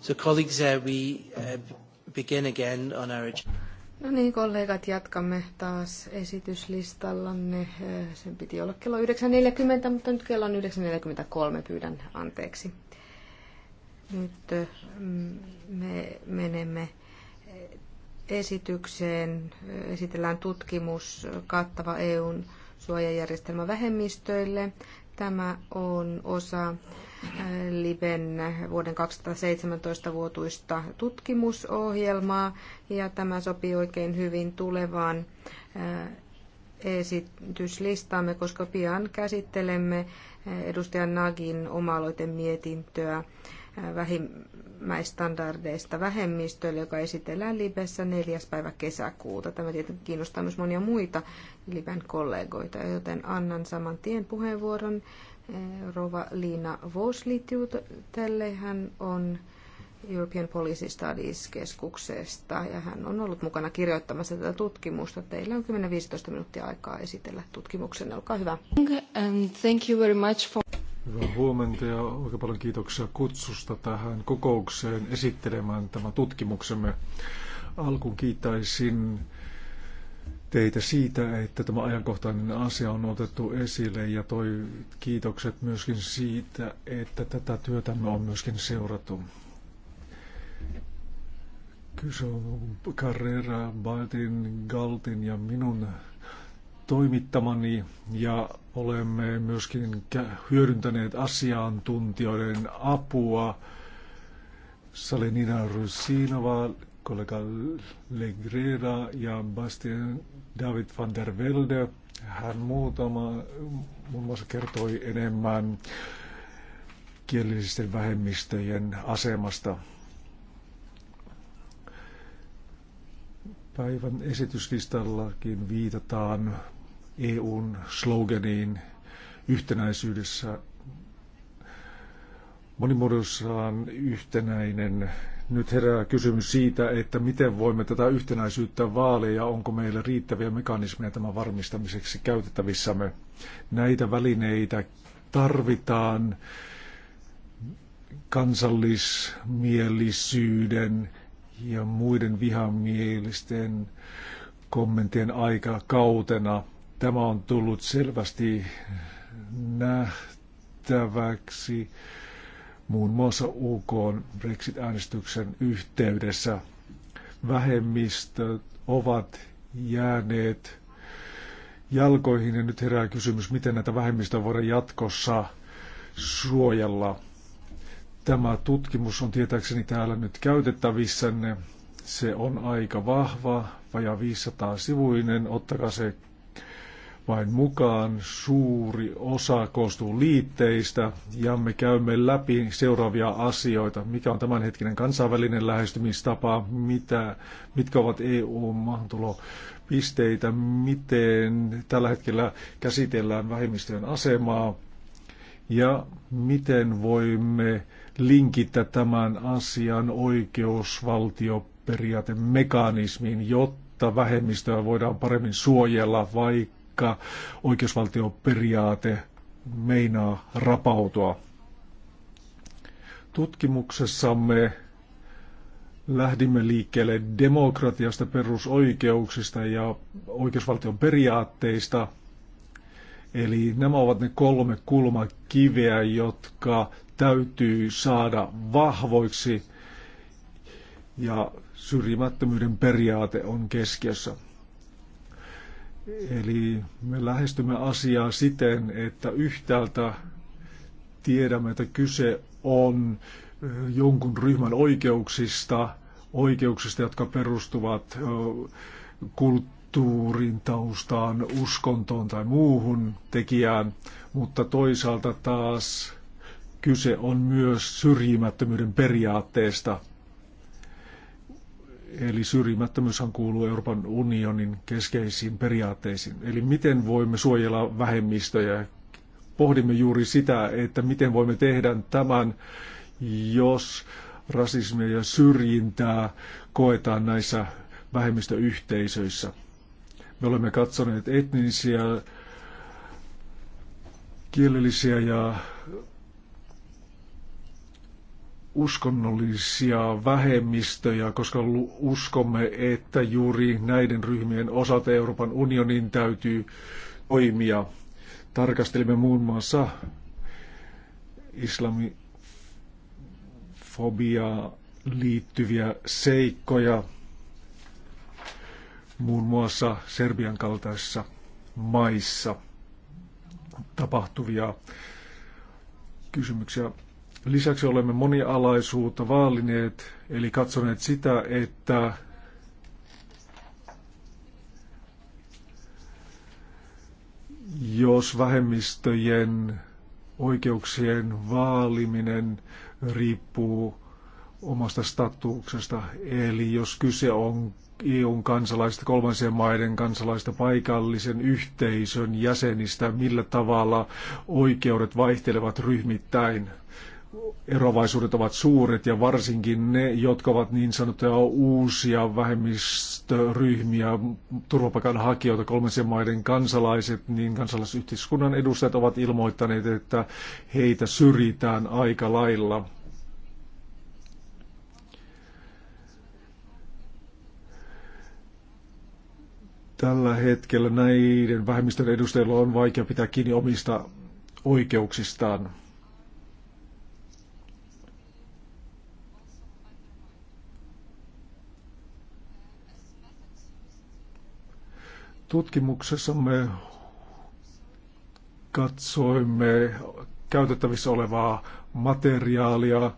So colleagues, uh, we uh, begin again on our No niin, kollegat, jatkamme taas esityslistallanne. Äh, sen piti olla kello 9.40, mutta nyt kello on 9.43, pyydän anteeksi. Nyt äh, me menemme äh, esitykseen. Esitellään tutkimus kattava EUn suojajärjestelmä vähemmistöille. Tämä on osa äh, Liben vuoden 2017 vuotuista tutkimusohjelmaa ja tämä sopii oikein hyvin tulevaan äh, esityslistaamme, koska pian käsittelemme äh, edustajan Nagin oma mietintöä vähimmäistandardeista vähemmistölle, joka esitellään Libessä 4. päivä kesäkuuta. Tämä tietenkin kiinnostaa myös monia muita Liben kollegoita, joten annan saman tien puheenvuoron eh, Rova Liina Voslitiutelle. Hän on European Policy Studies-keskuksesta ja hän on ollut mukana kirjoittamassa tätä tutkimusta. Teillä on 10-15 minuuttia aikaa esitellä tutkimuksen. Olkaa hyvä. And thank you very much for... Hyvää huomenta ja oikein paljon kiitoksia kutsusta tähän kokoukseen esittelemään tämä tutkimuksemme. Alkuun kiittäisin teitä siitä, että tämä ajankohtainen asia on otettu esille ja toi kiitokset myöskin siitä, että tätä työtä on myöskin seurattu. Kyse on Carrera, Baltin, Galtin ja minun toimittamani ja olemme myöskin hyödyntäneet asiantuntijoiden apua. Salenina Rusinova, kollega Legreda ja Bastian David van der Velde. Hän muutama muun muassa kertoi enemmän kielellisten vähemmistöjen asemasta. Päivän esityslistallakin viitataan EUn sloganiin yhtenäisyydessä monimuodossaan yhtenäinen. Nyt herää kysymys siitä, että miten voimme tätä yhtenäisyyttä vaalia ja onko meillä riittäviä mekanismeja tämän varmistamiseksi käytettävissämme. Näitä välineitä tarvitaan kansallismielisyyden ja muiden vihamielisten kommenttien aika kautena – Tämä on tullut selvästi nähtäväksi muun muassa UK Brexit-äänestyksen yhteydessä. Vähemmistöt ovat jääneet jalkoihin ja nyt herää kysymys, miten näitä vähemmistöjä voidaan jatkossa suojella. Tämä tutkimus on tietääkseni täällä nyt käytettävissänne. Se on aika vahva, vajaa 500 sivuinen. Ottakaa se vain mukaan. Suuri osa koostuu liitteistä ja me käymme läpi seuraavia asioita. Mikä on tämänhetkinen kansainvälinen lähestymistapa? Mitä, mitkä ovat EU-maahantulopisteitä? Miten tällä hetkellä käsitellään vähemmistöjen asemaa? Ja miten voimme linkittää tämän asian oikeusvaltioperiaatemekanismiin, jotta vähemmistöä voidaan paremmin suojella, vaikka oikeusvaltioperiaate meinaa rapautua. Tutkimuksessamme lähdimme liikkeelle demokratiasta, perusoikeuksista ja oikeusvaltion periaatteista. Eli nämä ovat ne kolme kulmakiveä, jotka täytyy saada vahvoiksi ja syrjimättömyyden periaate on keskiössä. Eli me lähestymme asiaa siten, että yhtäältä tiedämme, että kyse on jonkun ryhmän oikeuksista, oikeuksista, jotka perustuvat kulttuurin taustaan, uskontoon tai muuhun tekijään, mutta toisaalta taas kyse on myös syrjimättömyyden periaatteesta. Eli syrjimättömyyshän kuuluu Euroopan unionin keskeisiin periaatteisiin. Eli miten voimme suojella vähemmistöjä? Pohdimme juuri sitä, että miten voimme tehdä tämän, jos rasismia ja syrjintää koetaan näissä vähemmistöyhteisöissä. Me olemme katsoneet etnisiä, kielellisiä ja uskonnollisia vähemmistöjä, koska uskomme, että juuri näiden ryhmien osalta Euroopan unionin täytyy toimia. Tarkastelimme muun muassa islamifobiaa liittyviä seikkoja muun muassa Serbian kaltaisissa maissa tapahtuvia kysymyksiä Lisäksi olemme monialaisuutta vaalineet, eli katsoneet sitä, että jos vähemmistöjen oikeuksien vaaliminen riippuu omasta statuksesta, eli jos kyse on EUn kansalaista, kolmansien maiden kansalaista, paikallisen yhteisön jäsenistä, millä tavalla oikeudet vaihtelevat ryhmittäin eroavaisuudet ovat suuret ja varsinkin ne, jotka ovat niin sanottuja uusia vähemmistöryhmiä, turvapaikanhakijoita, kolmansien maiden kansalaiset, niin kansalaisyhteiskunnan edustajat ovat ilmoittaneet, että heitä syrjitään aika lailla. Tällä hetkellä näiden vähemmistön edustajilla on vaikea pitää kiinni omista oikeuksistaan. Tutkimuksessamme katsoimme käytettävissä olevaa materiaalia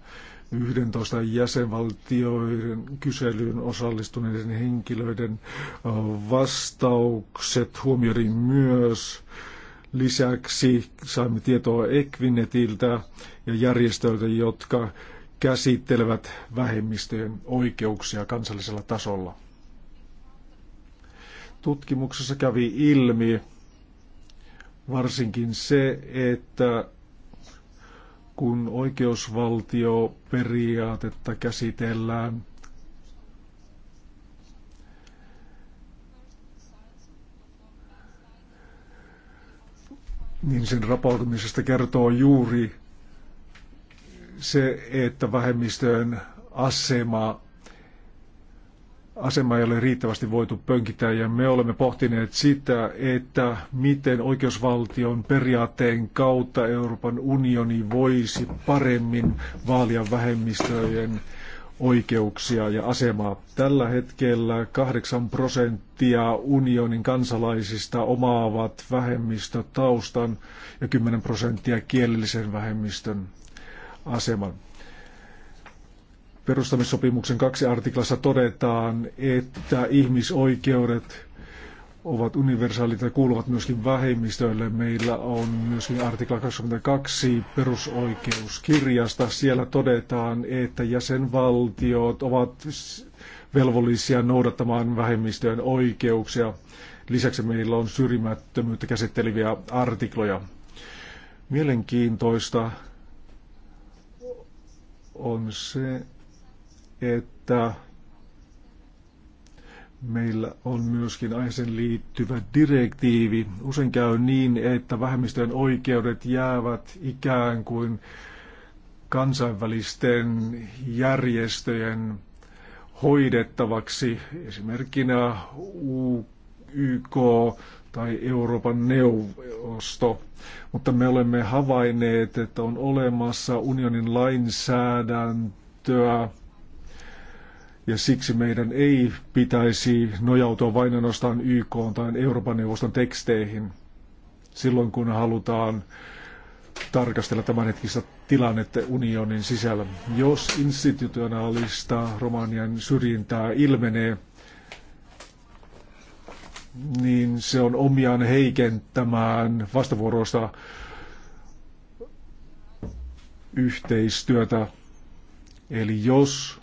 11 jäsenvaltioiden kyselyyn osallistuneiden henkilöiden vastaukset Huomioidin myös. Lisäksi saimme tietoa Equinetiltä ja järjestöiltä, jotka käsittelevät vähemmistöjen oikeuksia kansallisella tasolla tutkimuksessa kävi ilmi varsinkin se, että kun oikeusvaltioperiaatetta käsitellään, niin sen rapautumisesta kertoo juuri se, että vähemmistöjen asema asema ei ole riittävästi voitu pönkittää ja me olemme pohtineet sitä, että miten oikeusvaltion periaatteen kautta Euroopan unioni voisi paremmin vaalia vähemmistöjen oikeuksia ja asemaa. Tällä hetkellä 8 prosenttia unionin kansalaisista omaavat vähemmistötaustan ja 10 prosenttia kielellisen vähemmistön aseman perustamissopimuksen kaksi artiklassa todetaan, että ihmisoikeudet ovat universaalit ja kuuluvat myöskin vähemmistöille. Meillä on myöskin artikla 22 perusoikeuskirjasta. Siellä todetaan, että jäsenvaltiot ovat velvollisia noudattamaan vähemmistöjen oikeuksia. Lisäksi meillä on syrjimättömyyttä käsitteleviä artikloja. Mielenkiintoista on se, että meillä on myöskin aiheeseen liittyvä direktiivi. Usein käy niin, että vähemmistöjen oikeudet jäävät ikään kuin kansainvälisten järjestöjen hoidettavaksi, esimerkkinä YK tai Euroopan neuvosto. Mutta me olemme havainneet, että on olemassa unionin lainsäädäntöä, ja siksi meidän ei pitäisi nojautua vain ainoastaan YK tai Euroopan neuvoston teksteihin silloin, kun halutaan tarkastella tämänhetkistä tilannetta unionin sisällä. Jos institutionaalista Romanian syrjintää ilmenee, niin se on omiaan heikentämään vastavuoroista yhteistyötä. Eli jos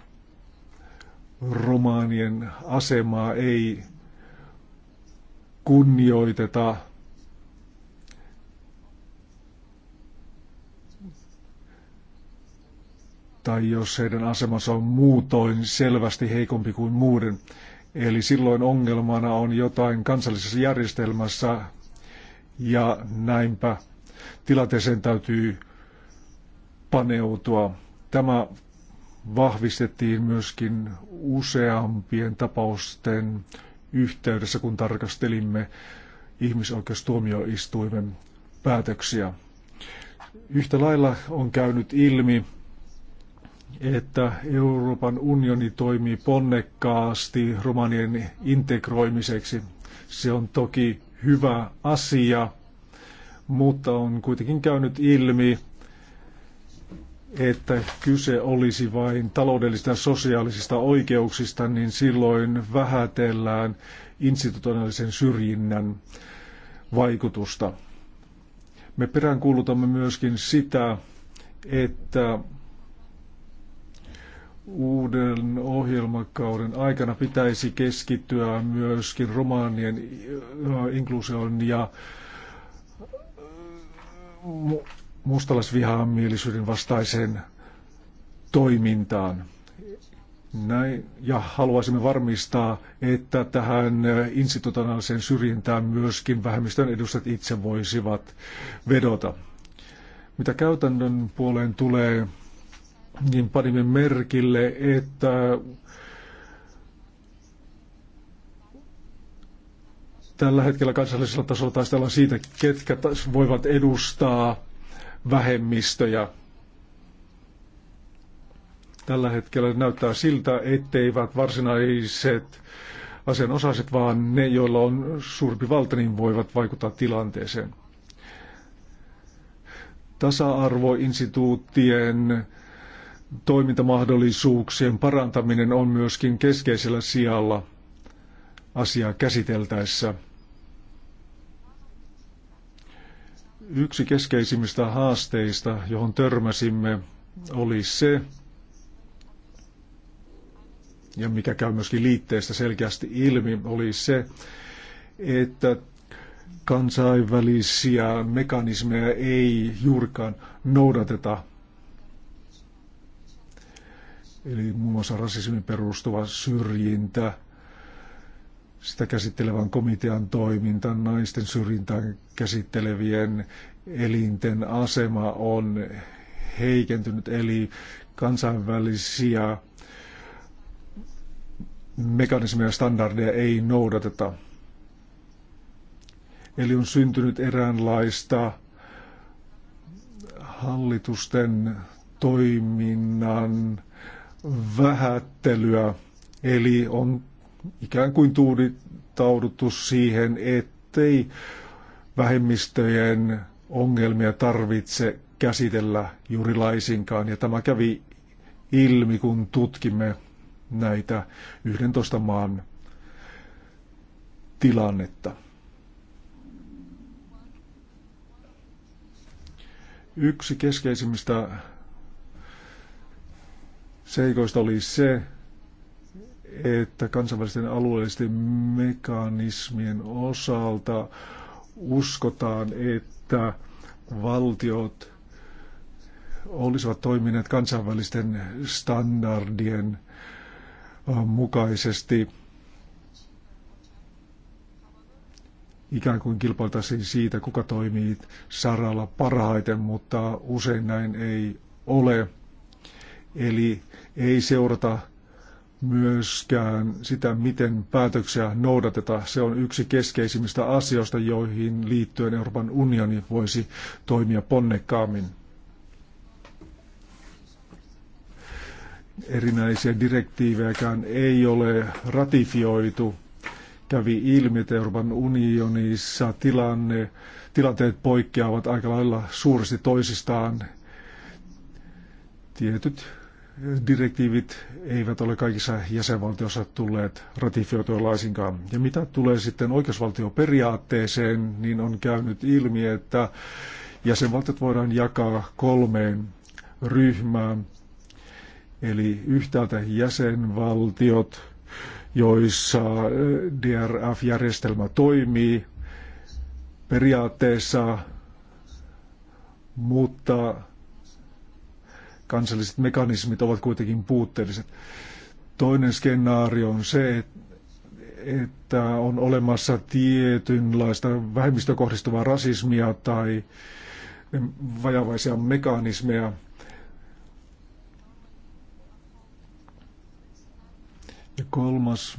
romaanien asemaa ei kunnioiteta. Tai jos heidän asemansa on muutoin selvästi heikompi kuin muuden. Eli silloin ongelmana on jotain kansallisessa järjestelmässä ja näinpä tilanteeseen täytyy paneutua. Tämä vahvistettiin myöskin useampien tapausten yhteydessä, kun tarkastelimme ihmisoikeustuomioistuimen päätöksiä. Yhtä lailla on käynyt ilmi, että Euroopan unioni toimii ponnekkaasti romanien integroimiseksi. Se on toki hyvä asia, mutta on kuitenkin käynyt ilmi, että kyse olisi vain taloudellisista ja sosiaalisista oikeuksista, niin silloin vähätellään institutionaalisen syrjinnän vaikutusta. Me peräänkuulutamme myöskin sitä, että uuden ohjelmakauden aikana pitäisi keskittyä myöskin romaanien äh, inkluusion ja mustalaisvihamielisyyden vastaiseen toimintaan. Näin, ja haluaisimme varmistaa, että tähän institutionaaliseen syrjintään myöskin vähemmistön edustajat itse voisivat vedota. Mitä käytännön puoleen tulee, niin panimme merkille, että tällä hetkellä kansallisella tasolla taistellaan siitä, ketkä voivat edustaa vähemmistöjä. Tällä hetkellä näyttää siltä, etteivät varsinaiset asianosaiset, vaan ne, joilla on suurempi valta, niin voivat vaikuttaa tilanteeseen. Tasa-arvoinstituuttien toimintamahdollisuuksien parantaminen on myöskin keskeisellä sijalla asiaa käsiteltäessä – Yksi keskeisimmistä haasteista, johon törmäsimme, oli se, ja mikä käy myöskin liitteestä selkeästi ilmi, oli se, että kansainvälisiä mekanismeja ei juurikaan noudateta. Eli muun muassa rasismin perustuva syrjintä, sitä käsittelevän komitean toiminta, naisten syrjintään käsittelevien elinten asema on heikentynyt, eli kansainvälisiä mekanismeja ja standardeja ei noudateta. Eli on syntynyt eräänlaista hallitusten toiminnan vähättelyä, eli on ikään kuin tuudittauduttu siihen, ettei vähemmistöjen ongelmia tarvitse käsitellä juuri laisinkaan. Ja tämä kävi ilmi, kun tutkimme näitä 11 maan tilannetta. Yksi keskeisimmistä seikoista oli se, että kansainvälisten alueellisten mekanismien osalta uskotaan, että valtiot olisivat toimineet kansainvälisten standardien mukaisesti ikään kuin kilpailtaisiin siitä, kuka toimii saralla parhaiten, mutta usein näin ei ole. Eli ei seurata myöskään sitä, miten päätöksiä noudatetaan. Se on yksi keskeisimmistä asioista, joihin liittyen Euroopan unioni voisi toimia ponnekkaammin. Erinäisiä direktiivejäkään ei ole ratifioitu. Kävi ilmi, että Euroopan unionissa tilanne, tilanteet poikkeavat aika lailla suuresti toisistaan. Tietyt direktiivit eivät ole kaikissa jäsenvaltioissa tulleet ratifioitua laisinkaan. Ja mitä tulee sitten oikeusvaltioperiaatteeseen, niin on käynyt ilmi, että jäsenvaltiot voidaan jakaa kolmeen ryhmään. Eli yhtäältä jäsenvaltiot, joissa eh, DRF-järjestelmä toimii periaatteessa, mutta kansalliset mekanismit ovat kuitenkin puutteelliset. Toinen skenaario on se, että on olemassa tietynlaista vähemmistökohdistuvaa rasismia tai vajavaisia mekanismeja – Ja kolmas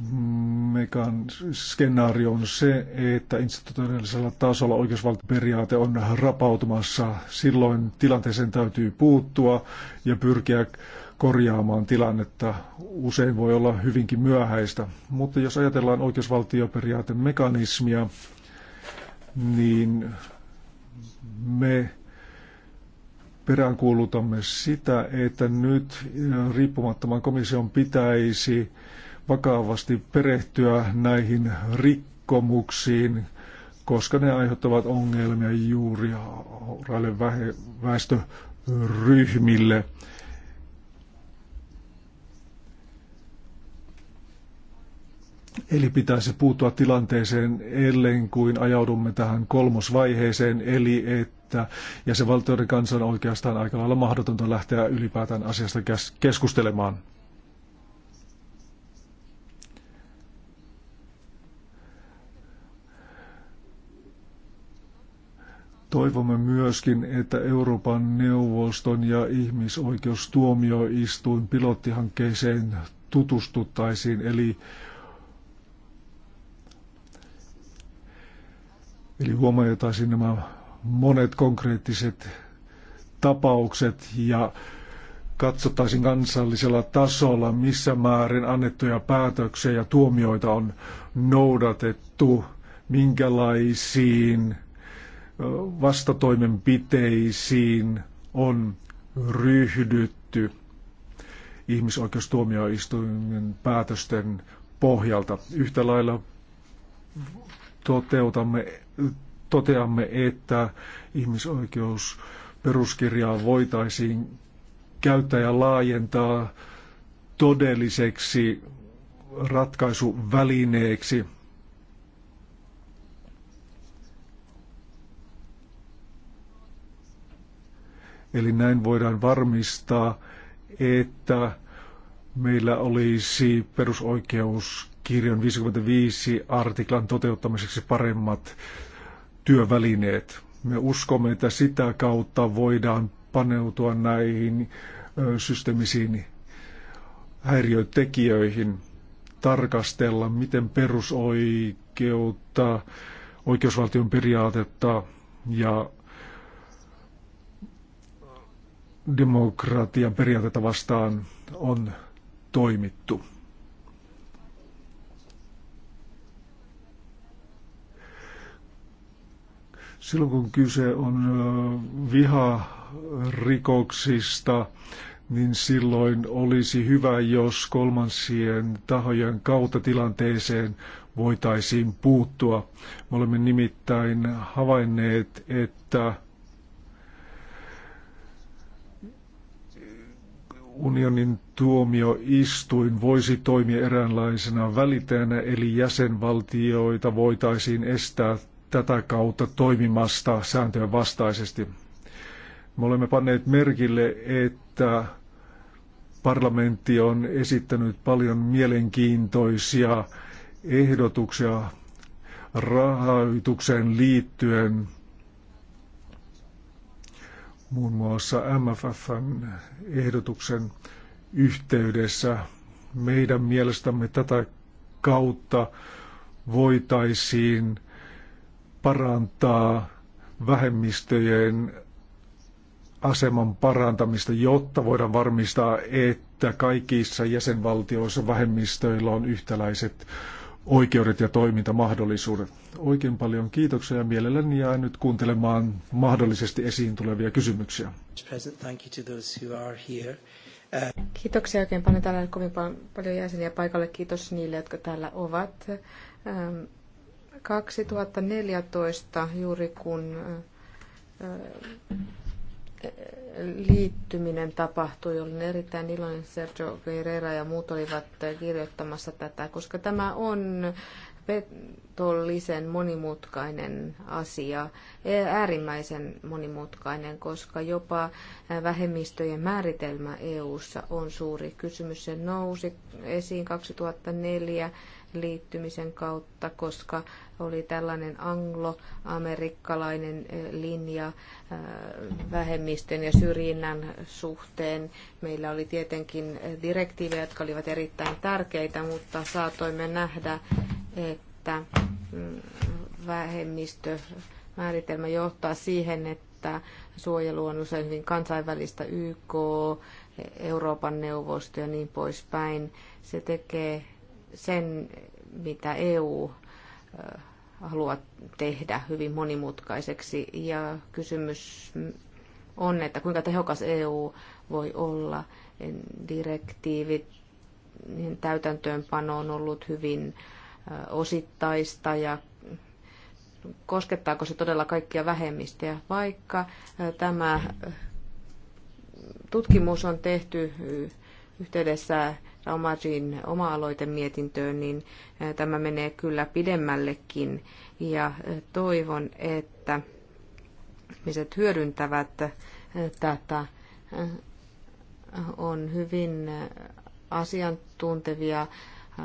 mekan skenaario on se, että institutionaalisella tasolla oikeusvaltioperiaate on rapautumassa. Silloin tilanteeseen täytyy puuttua ja pyrkiä korjaamaan tilannetta. Usein voi olla hyvinkin myöhäistä. Mutta jos ajatellaan oikeusvaltioperiaate mekanismia, niin me peräänkuulutamme sitä, että nyt riippumattoman komission pitäisi vakavasti perehtyä näihin rikkomuksiin, koska ne aiheuttavat ongelmia juuri raille väestöryhmille. Eli pitäisi puuttua tilanteeseen ellen kuin ajaudumme tähän kolmosvaiheeseen, eli että ja valtioiden kanssa on oikeastaan aika lailla mahdotonta lähteä ylipäätään asiasta keskustelemaan. Toivomme myöskin, että Euroopan neuvoston ja ihmisoikeustuomioistuin pilottihankkeeseen tutustuttaisiin, eli Eli huomioitaisiin nämä monet konkreettiset tapaukset ja katsottaisiin kansallisella tasolla, missä määrin annettuja päätöksiä ja tuomioita on noudatettu, minkälaisiin vastatoimenpiteisiin on ryhdytty ihmisoikeustuomioistuimen päätösten pohjalta. Yhtä lailla toteutamme, toteamme, että ihmisoikeusperuskirjaa voitaisiin käyttää ja laajentaa todelliseksi ratkaisuvälineeksi – Eli näin voidaan varmistaa, että meillä olisi perusoikeuskirjan 55 artiklan toteuttamiseksi paremmat työvälineet. Me uskomme, että sitä kautta voidaan paneutua näihin systeemisiin häiriötekijöihin, tarkastella, miten perusoikeutta, oikeusvaltion periaatetta ja demokratian periaatetta vastaan on toimittu. Silloin kun kyse on viharikoksista, niin silloin olisi hyvä, jos kolmansien tahojen kautta tilanteeseen voitaisiin puuttua. Me olemme nimittäin havainneet, että unionin tuomioistuin voisi toimia eräänlaisena välittäjänä, eli jäsenvaltioita voitaisiin estää tätä kautta toimimasta sääntöjen vastaisesti. Me olemme panneet merkille, että parlamentti on esittänyt paljon mielenkiintoisia ehdotuksia rahoitukseen liittyen – muun muassa MFFn ehdotuksen yhteydessä. Meidän mielestämme tätä kautta voitaisiin parantaa vähemmistöjen aseman parantamista, jotta voidaan varmistaa, että kaikissa jäsenvaltioissa vähemmistöillä on yhtäläiset oikeudet ja toimintamahdollisuudet. Oikein paljon kiitoksia ja mielelläni jää nyt kuuntelemaan mahdollisesti esiin tulevia kysymyksiä. Kiitoksia oikein paljon. Täällä on kovin paljon jäseniä paikalle. Kiitos niille, jotka täällä ovat. 2014 juuri kun liittyminen tapahtui. Olin erittäin iloinen, Sergio Guerrera ja muut olivat kirjoittamassa tätä, koska tämä on petollisen monimutkainen asia, e, äärimmäisen monimutkainen, koska jopa vähemmistöjen määritelmä EU:ssa on suuri kysymys. Se nousi esiin 2004 liittymisen kautta, koska oli tällainen anglo-amerikkalainen eh, linja eh, vähemmistön ja syrjinnän suhteen. Meillä oli tietenkin eh, direktiivejä, jotka olivat erittäin tärkeitä, mutta saatoimme nähdä, että mm, vähemmistömääritelmä johtaa siihen, että suojelu on usein hyvin kansainvälistä YK, Euroopan neuvosto ja niin poispäin. Se tekee sen, mitä EU haluaa tehdä hyvin monimutkaiseksi. Ja kysymys on, että kuinka tehokas EU voi olla. Direktiivit täytäntöönpano on ollut hyvin osittaista ja koskettaako se todella kaikkia vähemmistöjä, vaikka tämä tutkimus on tehty yhteydessä Omarin oma-aloitemietintöön, niin eh, tämä menee kyllä pidemmällekin. Ja eh, toivon, että ihmiset hyödyntävät eh, tätä. On hyvin asiantuntevia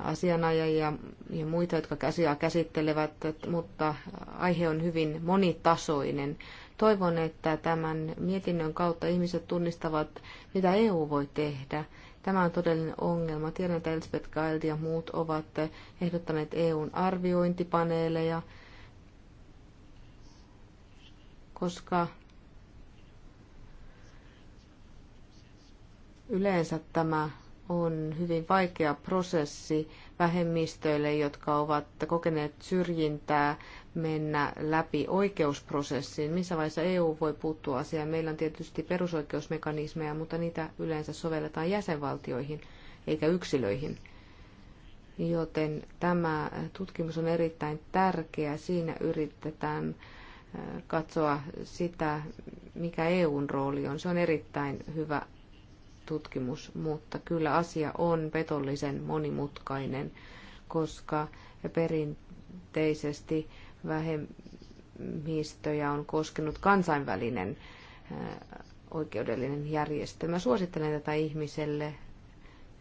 asianajajia ja muita, jotka asiaa käsittelevät, mutta aihe on hyvin monitasoinen. Toivon, että tämän mietinnön kautta ihmiset tunnistavat, mitä EU voi tehdä. Tämä on todellinen ongelma. Tiedän, että Elspeth Gild ja muut ovat ehdottaneet EUn arviointipaneeleja, koska yleensä tämä on hyvin vaikea prosessi vähemmistöille, jotka ovat kokeneet syrjintää, mennä läpi oikeusprosessiin? Missä vaiheessa EU voi puuttua asiaan? Meillä on tietysti perusoikeusmekanismeja, mutta niitä yleensä sovelletaan jäsenvaltioihin eikä yksilöihin. Joten tämä tutkimus on erittäin tärkeä. Siinä yritetään äh, katsoa sitä, mikä EUn rooli on. Se on erittäin hyvä tutkimus, mutta kyllä asia on petollisen monimutkainen, koska perinteisesti vähemmistöjä on koskenut kansainvälinen äh, oikeudellinen järjestelmä. Suosittelen tätä ihmiselle.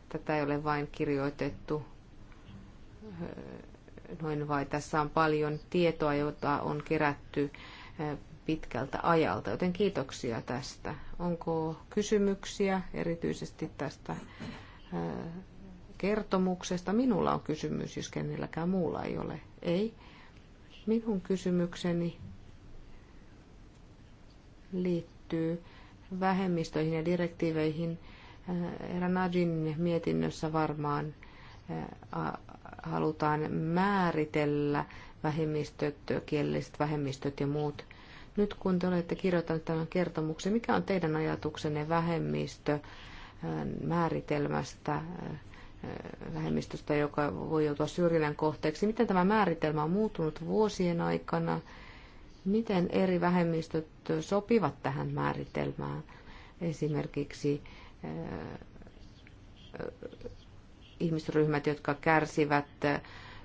Tätä ei ole vain kirjoitettu äh, noin vai tässä on paljon tietoa, jota on kerätty äh, pitkältä ajalta, joten kiitoksia tästä. Onko kysymyksiä erityisesti tästä kertomuksesta? Minulla on kysymys, jos kenelläkään muulla ei ole. Ei. Minun kysymykseni liittyy vähemmistöihin ja direktiiveihin. Ranajin mietinnössä varmaan halutaan määritellä vähemmistöt, kielelliset vähemmistöt ja muut. Nyt kun te olette kirjoittaneet tämän kertomuksen, mikä on teidän ajatuksenne vähemmistö äh, määritelmästä, äh, vähemmistöstä, joka voi joutua syrjinnän kohteeksi? Miten tämä määritelmä on muuttunut vuosien aikana? Miten eri vähemmistöt sopivat tähän määritelmään? Esimerkiksi äh, ihmisryhmät, jotka kärsivät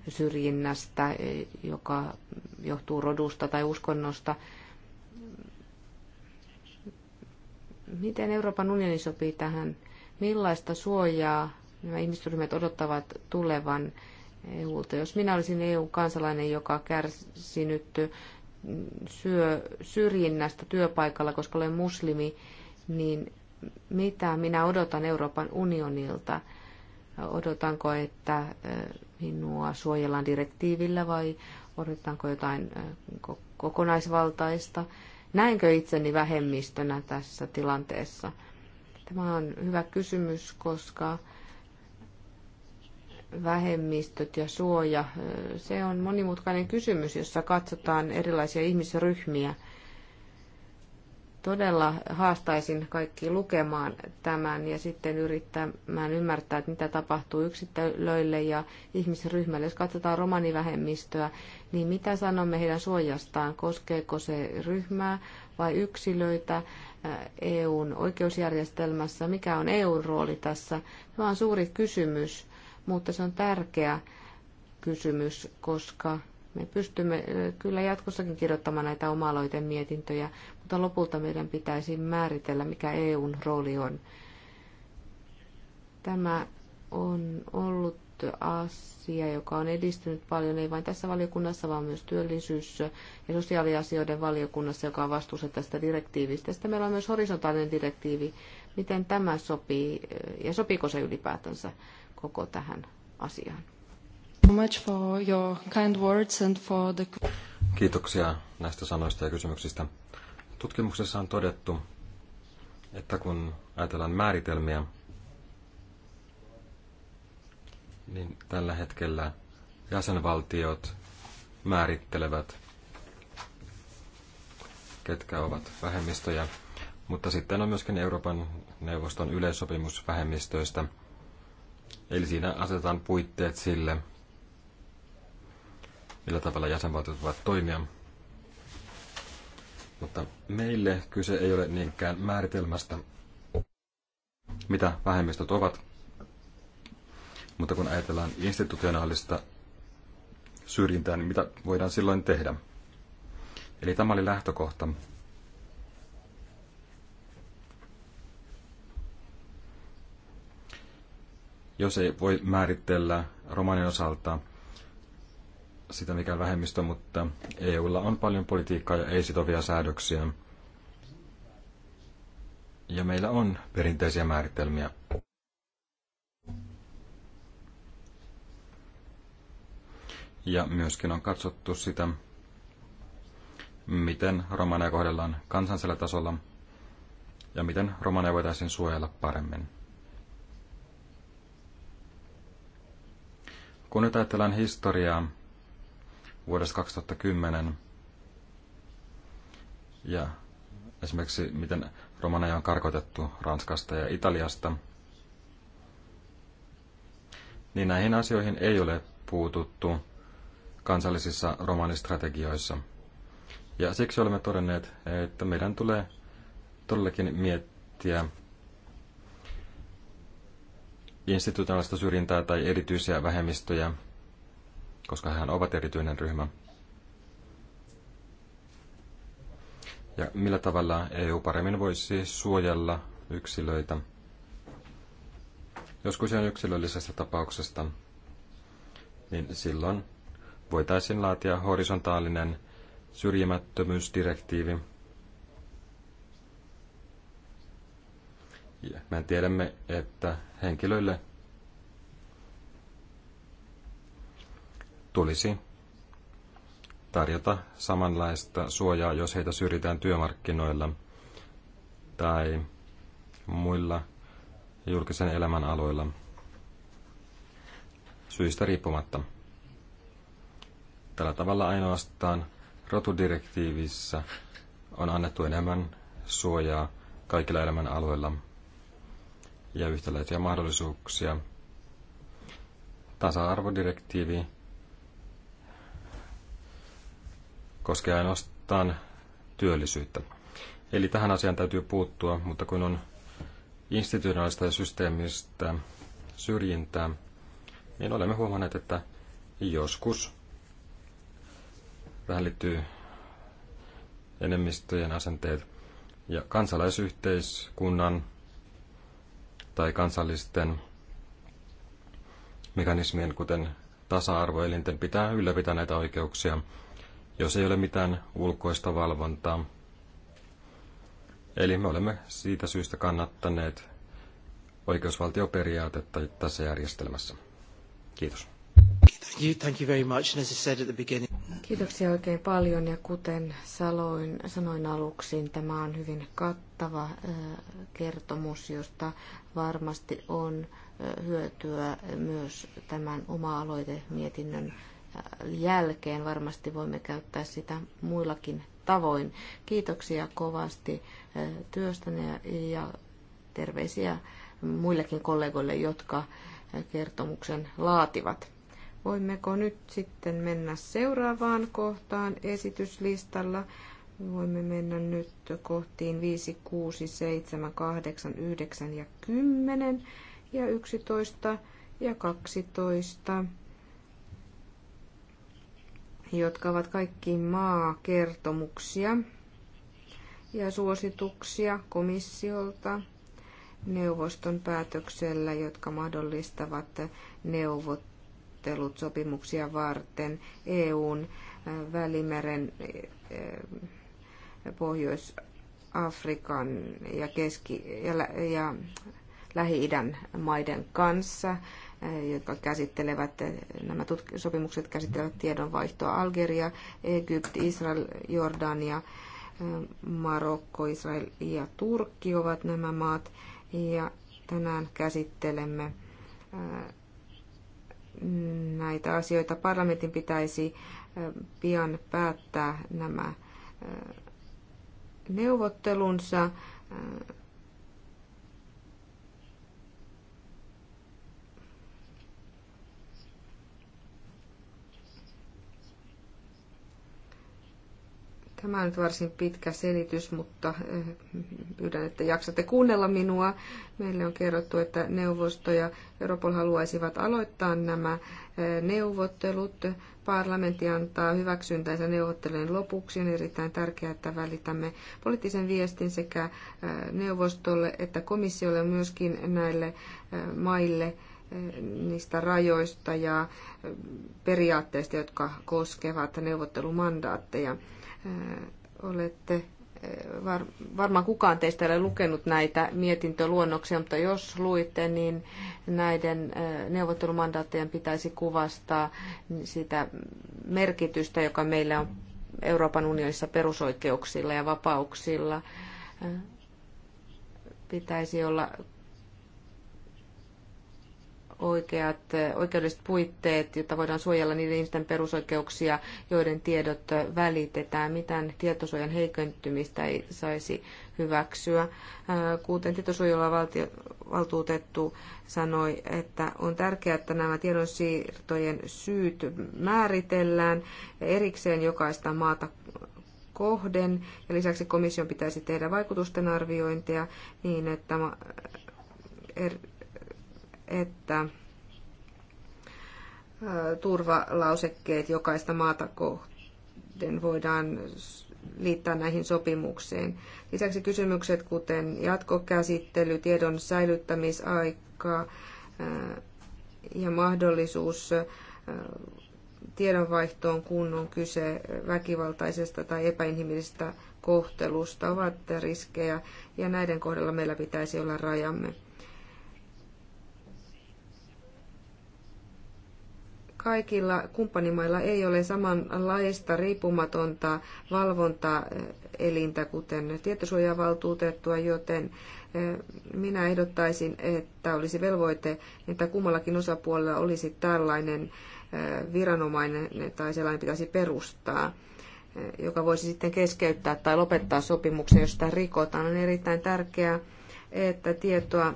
syrjinnästä, joka johtuu rodusta tai uskonnosta. Miten Euroopan unioni sopii tähän? Millaista suojaa nämä ihmisryhmät odottavat tulevan EUlta? Jos minä olisin EU-kansalainen, joka kärsinyt mm, syö, syrjinnästä työpaikalla, koska olen muslimi, niin mitä minä odotan Euroopan unionilta? Odotanko, että e, minua suojellaan direktiivillä vai odotanko jotain e, kokonaisvaltaista? Näinkö itseni vähemmistönä tässä tilanteessa? Tämä on hyvä kysymys, koska vähemmistöt ja suoja, se on monimutkainen kysymys, jossa katsotaan erilaisia ihmisryhmiä – todella haastaisin kaikki lukemaan tämän ja sitten yrittämään ymmärtää, että mitä tapahtuu yksittäilöille ja ihmisryhmälle. Jos katsotaan romanivähemmistöä, niin mitä sanomme heidän suojastaan? Koskeeko se ryhmää vai yksilöitä EUn oikeusjärjestelmässä? Mikä on EUn rooli tässä? Tämä on suuri kysymys, mutta se on tärkeä kysymys, koska me pystymme kyllä jatkossakin kirjoittamaan näitä omaloiden mietintöjä, mutta lopulta meidän pitäisi määritellä, mikä EUn rooli on. Tämä on ollut asia, joka on edistynyt paljon, ei vain tässä valiokunnassa, vaan myös työllisyys- ja sosiaaliasioiden valiokunnassa, joka on vastuussa tästä direktiivistä. Sitten meillä on myös horisontaalinen direktiivi. Miten tämä sopii ja sopiiko se ylipäätänsä koko tähän asiaan? Much for your kind words and for the... Kiitoksia näistä sanoista ja kysymyksistä. Tutkimuksessa on todettu, että kun ajatellaan määritelmiä, niin tällä hetkellä jäsenvaltiot määrittelevät, ketkä ovat vähemmistöjä. Mutta sitten on myöskin Euroopan neuvoston yleissopimus vähemmistöistä. Eli siinä asetetaan puitteet sille, millä tavalla jäsenvaltiot voivat toimia. Mutta meille kyse ei ole niinkään määritelmästä, mitä vähemmistöt ovat. Mutta kun ajatellaan institutionaalista syrjintää, niin mitä voidaan silloin tehdä? Eli tämä oli lähtökohta. Jos ei voi määritellä romanin osalta sitä mikä vähemmistö, mutta EUlla on paljon politiikkaa ja ei sitovia säädöksiä. Ja meillä on perinteisiä määritelmiä. Ja myöskin on katsottu sitä, miten romaneja kohdellaan kansallisella tasolla ja miten romaneja voitaisiin suojella paremmin. Kun nyt ajatellaan historiaa, vuodesta 2010. Ja esimerkiksi miten romaneja on karkotettu Ranskasta ja Italiasta. Niin näihin asioihin ei ole puututtu kansallisissa romanistrategioissa. Ja siksi olemme todenneet, että meidän tulee todellakin miettiä institutionaalista syrjintää tai erityisiä vähemmistöjä koska hän ovat erityinen ryhmä. Ja millä tavalla EU paremmin voisi suojella yksilöitä? Jos kyse on yksilöllisestä tapauksesta, niin silloin voitaisiin laatia horisontaalinen syrjimättömyysdirektiivi. Ja me tiedämme, että henkilöille tulisi tarjota samanlaista suojaa, jos heitä syrjitään työmarkkinoilla tai muilla julkisen elämän aloilla syistä riippumatta. Tällä tavalla ainoastaan rotudirektiivissä on annettu enemmän suojaa kaikilla elämän alueilla ja yhtäläisiä mahdollisuuksia. Tasa-arvodirektiivi koskee ainoastaan työllisyyttä. Eli tähän asiaan täytyy puuttua, mutta kun on institutionaalista ja systeemistä syrjintää, niin olemme huomanneet, että joskus tähän liittyy enemmistöjen asenteet ja kansalaisyhteiskunnan tai kansallisten mekanismien, kuten tasa-arvoelinten, pitää ylläpitää näitä oikeuksia jos ei ole mitään ulkoista valvontaa. Eli me olemme siitä syystä kannattaneet oikeusvaltioperiaatetta tässä järjestelmässä. Kiitos. Thank you very much. And as I said at the beginning... Kiitoksia oikein paljon ja kuten saloin, sanoin aluksi, niin tämä on hyvin kattava kertomus, josta varmasti on hyötyä myös tämän oma-aloitemietinnön mietinnön jälkeen. Varmasti voimme käyttää sitä muillakin tavoin. Kiitoksia kovasti työstäne ja terveisiä muillekin kollegoille, jotka kertomuksen laativat. Voimmeko nyt sitten mennä seuraavaan kohtaan esityslistalla? Voimme mennä nyt kohtiin 5, 6, 7, 8, 9 ja 10 ja 11 ja 12 jotka ovat kaikki maakertomuksia ja suosituksia komissiolta neuvoston päätöksellä, jotka mahdollistavat neuvottelut sopimuksia varten EUn äh, Välimeren, äh, Pohjois-Afrikan ja, Keski- ja, ja Lähi-idän maiden kanssa Eh, jotka käsittelevät, eh, nämä tutk- sopimukset käsittelevät tiedonvaihtoa Algeria, Egypt, Israel, Jordania, eh, Marokko, Israel ja Turkki ovat nämä maat. Ja tänään käsittelemme näitä asioita. Parlamentin pitäisi pian päättää nämä neuvottelunsa Tämä on nyt varsin pitkä selitys, mutta eh, pyydän, että jaksatte kuunnella minua. Meille on kerrottu, että neuvosto ja Europol haluaisivat aloittaa nämä eh, neuvottelut. Parlamentti antaa hyväksyntänsä neuvottelujen lopuksi. On erittäin tärkeää, että välitämme poliittisen viestin sekä eh, neuvostolle että komissiolle myöskin näille maille niistä rajoista ja periaatteista, jotka koskevat neuvottelumandaatteja olette var, varmaan kukaan teistä ei ole lukenut näitä mietintöluonnoksia, mutta jos luitte, niin näiden neuvottelumandaattien pitäisi kuvastaa sitä merkitystä, joka meillä on Euroopan unionissa perusoikeuksilla ja vapauksilla. Pitäisi olla oikeat oikeudelliset puitteet, jotta voidaan suojella niiden ihmisten perusoikeuksia, joiden tiedot välitetään. Mitään tietosuojan heikentymistä ei saisi hyväksyä. Kuten valtuutettu sanoi, että on tärkeää, että nämä tiedonsiirtojen syyt määritellään erikseen jokaista maata kohden. Ja lisäksi komission pitäisi tehdä vaikutusten arviointia niin, että er- että turvalausekkeet jokaista maata kohden voidaan liittää näihin sopimukseen. Lisäksi kysymykset kuten jatkokäsittely, tiedon säilyttämisaika ja mahdollisuus tiedonvaihtoon, kun on kyse väkivaltaisesta tai epäinhimillisestä kohtelusta, ovat riskejä ja näiden kohdalla meillä pitäisi olla rajamme. kaikilla kumppanimailla ei ole samanlaista riippumatonta valvontaelintä, kuten tietosuojavaltuutettua, joten eh, minä ehdottaisin, että olisi velvoite, että kummallakin osapuolella olisi tällainen eh, viranomainen tai sellainen pitäisi perustaa eh, joka voisi sitten keskeyttää tai lopettaa sopimuksen, jos sitä rikotaan. On erittäin tärkeää, että tietoa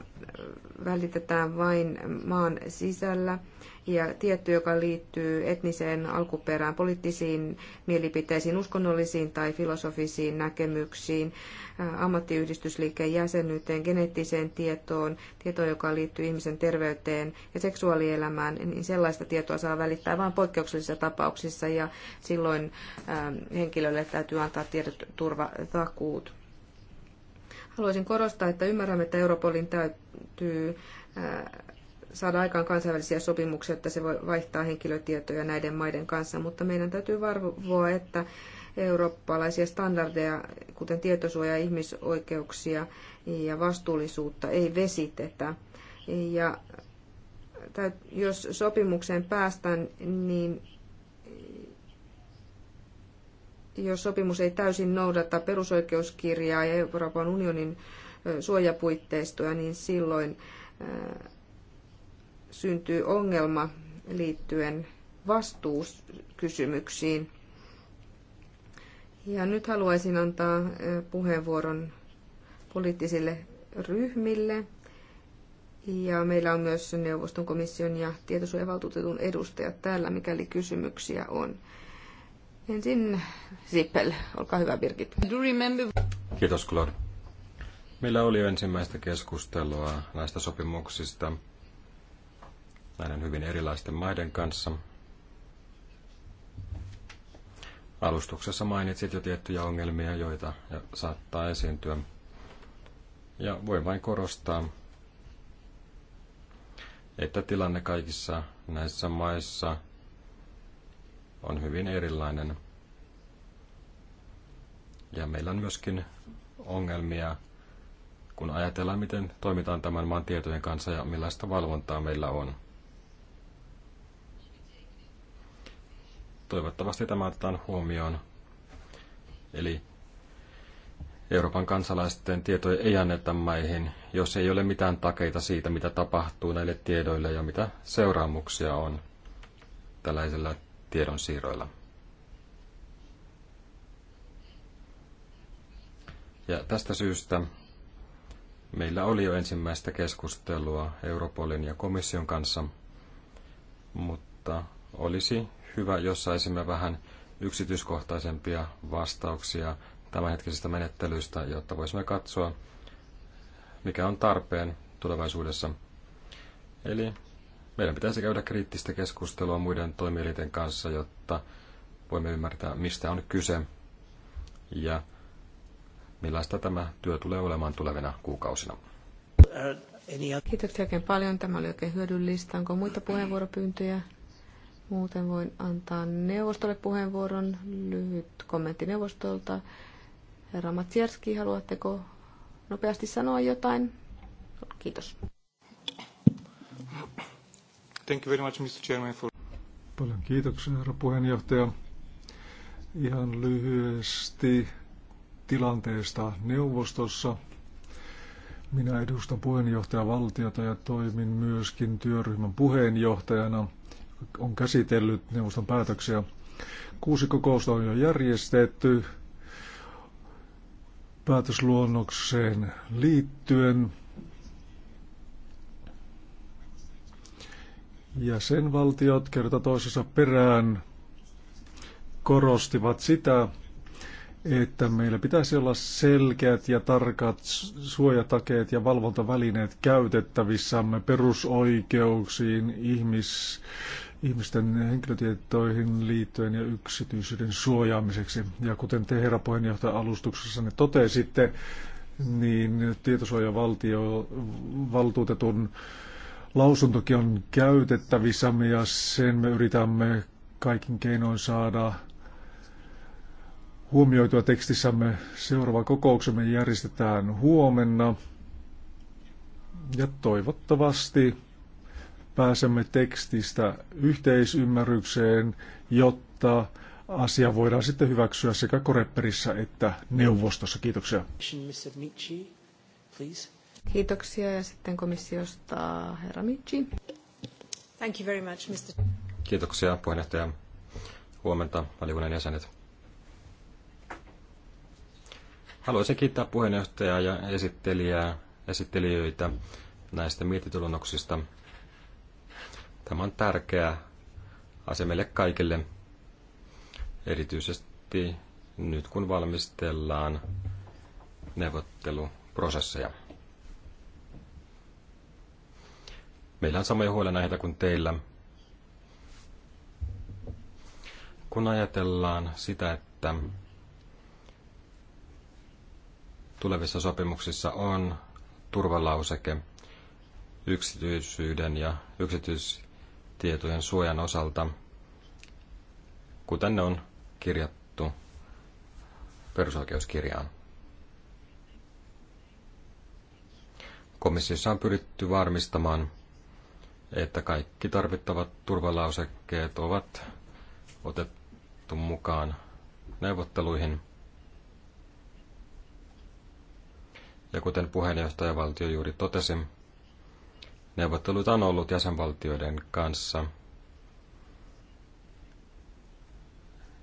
välitetään vain maan sisällä ja tietty, joka liittyy etniseen alkuperään, poliittisiin mielipiteisiin, uskonnollisiin tai filosofisiin näkemyksiin, äh, ammattiyhdistysliikkeen jäsenyyteen, geneettiseen tietoon, tietoon, joka liittyy ihmisen terveyteen ja seksuaalielämään, niin sellaista tietoa saa välittää vain poikkeuksellisissa tapauksissa ja silloin ähm, henkilölle täytyy antaa tietyt turvatakuut. Haluaisin korostaa, että ymmärrämme, että Europolin täytyy äh, saada aikaan kansainvälisiä sopimuksia, että se voi vaihtaa henkilötietoja näiden maiden kanssa, mutta meidän täytyy varvoa, että eurooppalaisia standardeja, kuten tietosuoja, ihmisoikeuksia ja vastuullisuutta, ei vesitetä. Ja jos sopimukseen päästään, niin jos sopimus ei täysin noudata perusoikeuskirjaa ja Euroopan unionin suojapuitteistoja, niin silloin syntyy ongelma liittyen vastuukysymyksiin. Ja nyt haluaisin antaa puheenvuoron poliittisille ryhmille. Ja meillä on myös neuvoston komission ja tietosuojavaltuutetun edustajat täällä, mikäli kysymyksiä on. Ensin Sippel, olkaa hyvä Birgit. Kiitos Klor. Meillä oli jo ensimmäistä keskustelua näistä sopimuksista näiden hyvin erilaisten maiden kanssa. Alustuksessa mainitsit jo tiettyjä ongelmia, joita saattaa esiintyä. Ja voi vain korostaa, että tilanne kaikissa näissä maissa on hyvin erilainen. Ja meillä on myöskin ongelmia, kun ajatellaan, miten toimitaan tämän maan tietojen kanssa ja millaista valvontaa meillä on. Toivottavasti tämä otetaan huomioon. Eli Euroopan kansalaisten tietoja ei anneta maihin, jos ei ole mitään takeita siitä, mitä tapahtuu näille tiedoille ja mitä seuraamuksia on tällaisilla tiedonsiirroilla. Ja tästä syystä meillä oli jo ensimmäistä keskustelua Europolin ja komission kanssa, mutta olisi hyvä, jos saisimme vähän yksityiskohtaisempia vastauksia tämänhetkisestä menettelystä, jotta voisimme katsoa, mikä on tarpeen tulevaisuudessa. Eli meidän pitäisi käydä kriittistä keskustelua muiden toimielinten kanssa, jotta voimme ymmärtää, mistä on kyse ja millaista tämä työ tulee olemaan tulevina kuukausina. Kiitoksia oikein paljon. Tämä oli oikein hyödyllistä. Onko muita puheenvuoropyyntöjä? Muuten voin antaa neuvostolle puheenvuoron. Lyhyt kommentti neuvostolta. Herra Matsierski, haluatteko nopeasti sanoa jotain? Kiitos. Thank you very much, Mr. Chairman, for... Paljon kiitoksia, herra puheenjohtaja. Ihan lyhyesti tilanteesta neuvostossa. Minä edustan puheenjohtajavaltiota ja toimin myöskin työryhmän puheenjohtajana – on käsitellyt neuvoston päätöksiä. Kuusi kokousta on jo järjestetty päätösluonnokseen liittyen. Jäsenvaltiot kerta toisessa perään korostivat sitä, että meillä pitäisi olla selkeät ja tarkat suojatakeet ja valvontavälineet käytettävissämme perusoikeuksiin, ihmis- ihmisten henkilötietoihin liittyen ja yksityisyyden suojaamiseksi. Ja kuten te herra puheenjohtaja alustuksessanne totesitte, niin tietosuojavaltuutetun lausuntokin on käytettävissämme ja sen me yritämme kaikin keinoin saada huomioitua tekstissämme. Seuraava kokouksemme järjestetään huomenna ja toivottavasti pääsemme tekstistä yhteisymmärrykseen, jotta asia voidaan sitten hyväksyä sekä Koreperissä että neuvostossa. Kiitoksia. Kiitoksia ja sitten komissiosta herra Michi. Thank you very much, Mr. Kiitoksia puheenjohtaja. Huomenta valiokunnan jäsenet. Haluaisin kiittää puheenjohtajaa ja esittelijää, esittelijöitä näistä mietitulonnoksista. Tämä on tärkeä asia meille kaikille, erityisesti nyt kun valmistellaan neuvotteluprosesseja. Meillä on samoja huolenaiheita kuin teillä. Kun ajatellaan sitä, että tulevissa sopimuksissa on turvalauseke yksityisyyden ja yksityis- tietojen suojan osalta, kuten ne on kirjattu perusoikeuskirjaan. Komissiossa on pyritty varmistamaan, että kaikki tarvittavat turvalausekkeet ovat otettu mukaan neuvotteluihin. Ja kuten valtio juuri totesi, Neuvottelut on ollut jäsenvaltioiden kanssa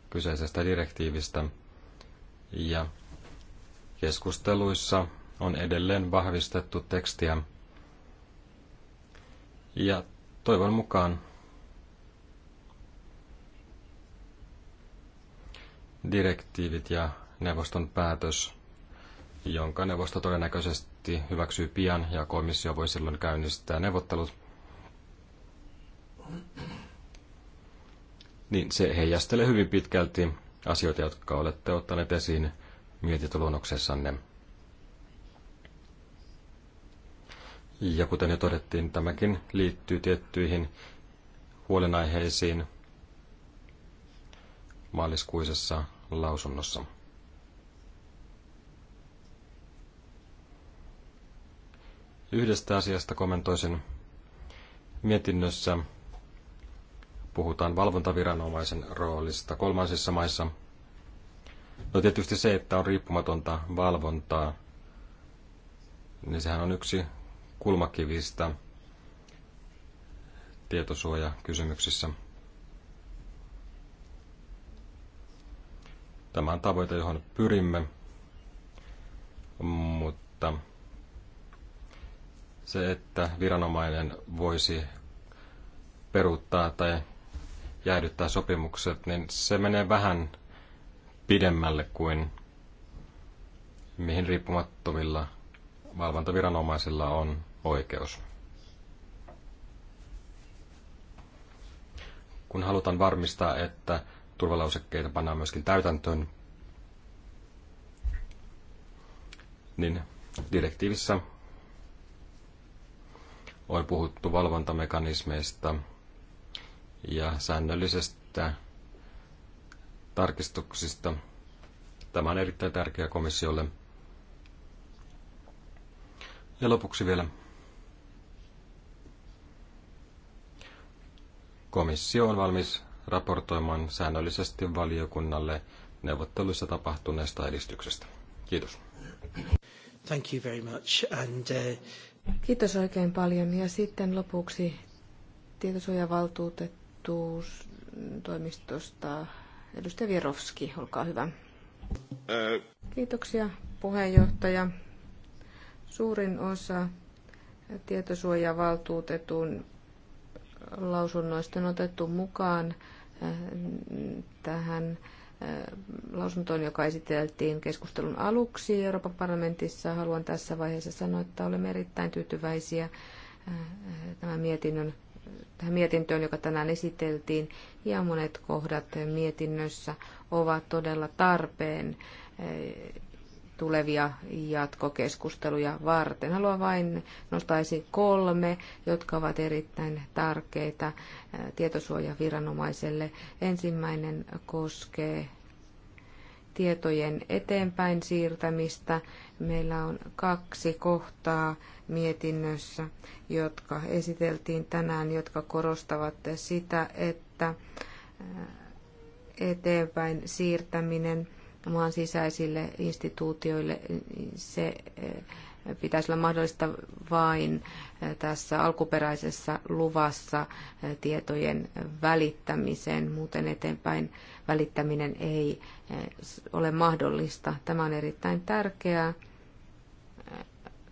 kyseisestä direktiivistä ja keskusteluissa on edelleen vahvistettu tekstiä ja toivon mukaan direktiivit ja neuvoston päätös, jonka neuvosto todennäköisesti parlamentti hyväksyy pian ja komissio voi silloin käynnistää neuvottelut. Niin se heijastelee hyvin pitkälti asioita, jotka olette ottaneet esiin mietintöluonnoksessanne. Ja kuten jo todettiin, tämäkin liittyy tiettyihin huolenaiheisiin maaliskuisessa lausunnossa. Yhdestä asiasta kommentoisin. Mietinnössä puhutaan valvontaviranomaisen roolista kolmansissa maissa. No tietysti se, että on riippumatonta valvontaa, niin sehän on yksi kulmakivistä tietosuojakysymyksissä. Tämä on tavoite, johon pyrimme, mutta se, että viranomainen voisi peruuttaa tai jäädyttää sopimukset, niin se menee vähän pidemmälle kuin mihin riippumattomilla valvontaviranomaisilla on oikeus. Kun halutaan varmistaa, että turvalausekkeita pannaan myöskin täytäntöön, niin direktiivissä on puhuttu valvontamekanismeista ja säännöllisestä tarkistuksista. Tämä on erittäin tärkeä komissiolle. Ja lopuksi vielä. Komissio on valmis raportoimaan säännöllisesti valiokunnalle neuvotteluissa tapahtuneesta edistyksestä. Kiitos. Thank you very much. And, uh... Kiitos oikein paljon. Ja sitten lopuksi tietosuojavaltuutettuus toimistosta edustaja Vierovski, olkaa hyvä. Ää... Kiitoksia puheenjohtaja. Suurin osa tietosuojavaltuutetun lausunnoista on otettu mukaan äh, tähän lausuntoon, joka esiteltiin keskustelun aluksi Euroopan parlamentissa. Haluan tässä vaiheessa sanoa, että olemme erittäin tyytyväisiä äh, tämän mietinnön, tähän mietintöön, joka tänään esiteltiin, ja monet kohdat mietinnössä ovat todella tarpeen äh, tulevia jatkokeskusteluja varten. Haluan vain nostaisin kolme, jotka ovat erittäin tärkeitä tietosuojaviranomaiselle. Ensimmäinen koskee tietojen eteenpäin siirtämistä. Meillä on kaksi kohtaa mietinnössä, jotka esiteltiin tänään, jotka korostavat sitä, että eteenpäin siirtäminen – maan sisäisille instituutioille. Niin se eh, pitäisi olla mahdollista vain eh, tässä alkuperäisessä luvassa eh, tietojen välittämiseen, muuten eteenpäin välittäminen ei ole mahdollista. Tämä on erittäin tärkeää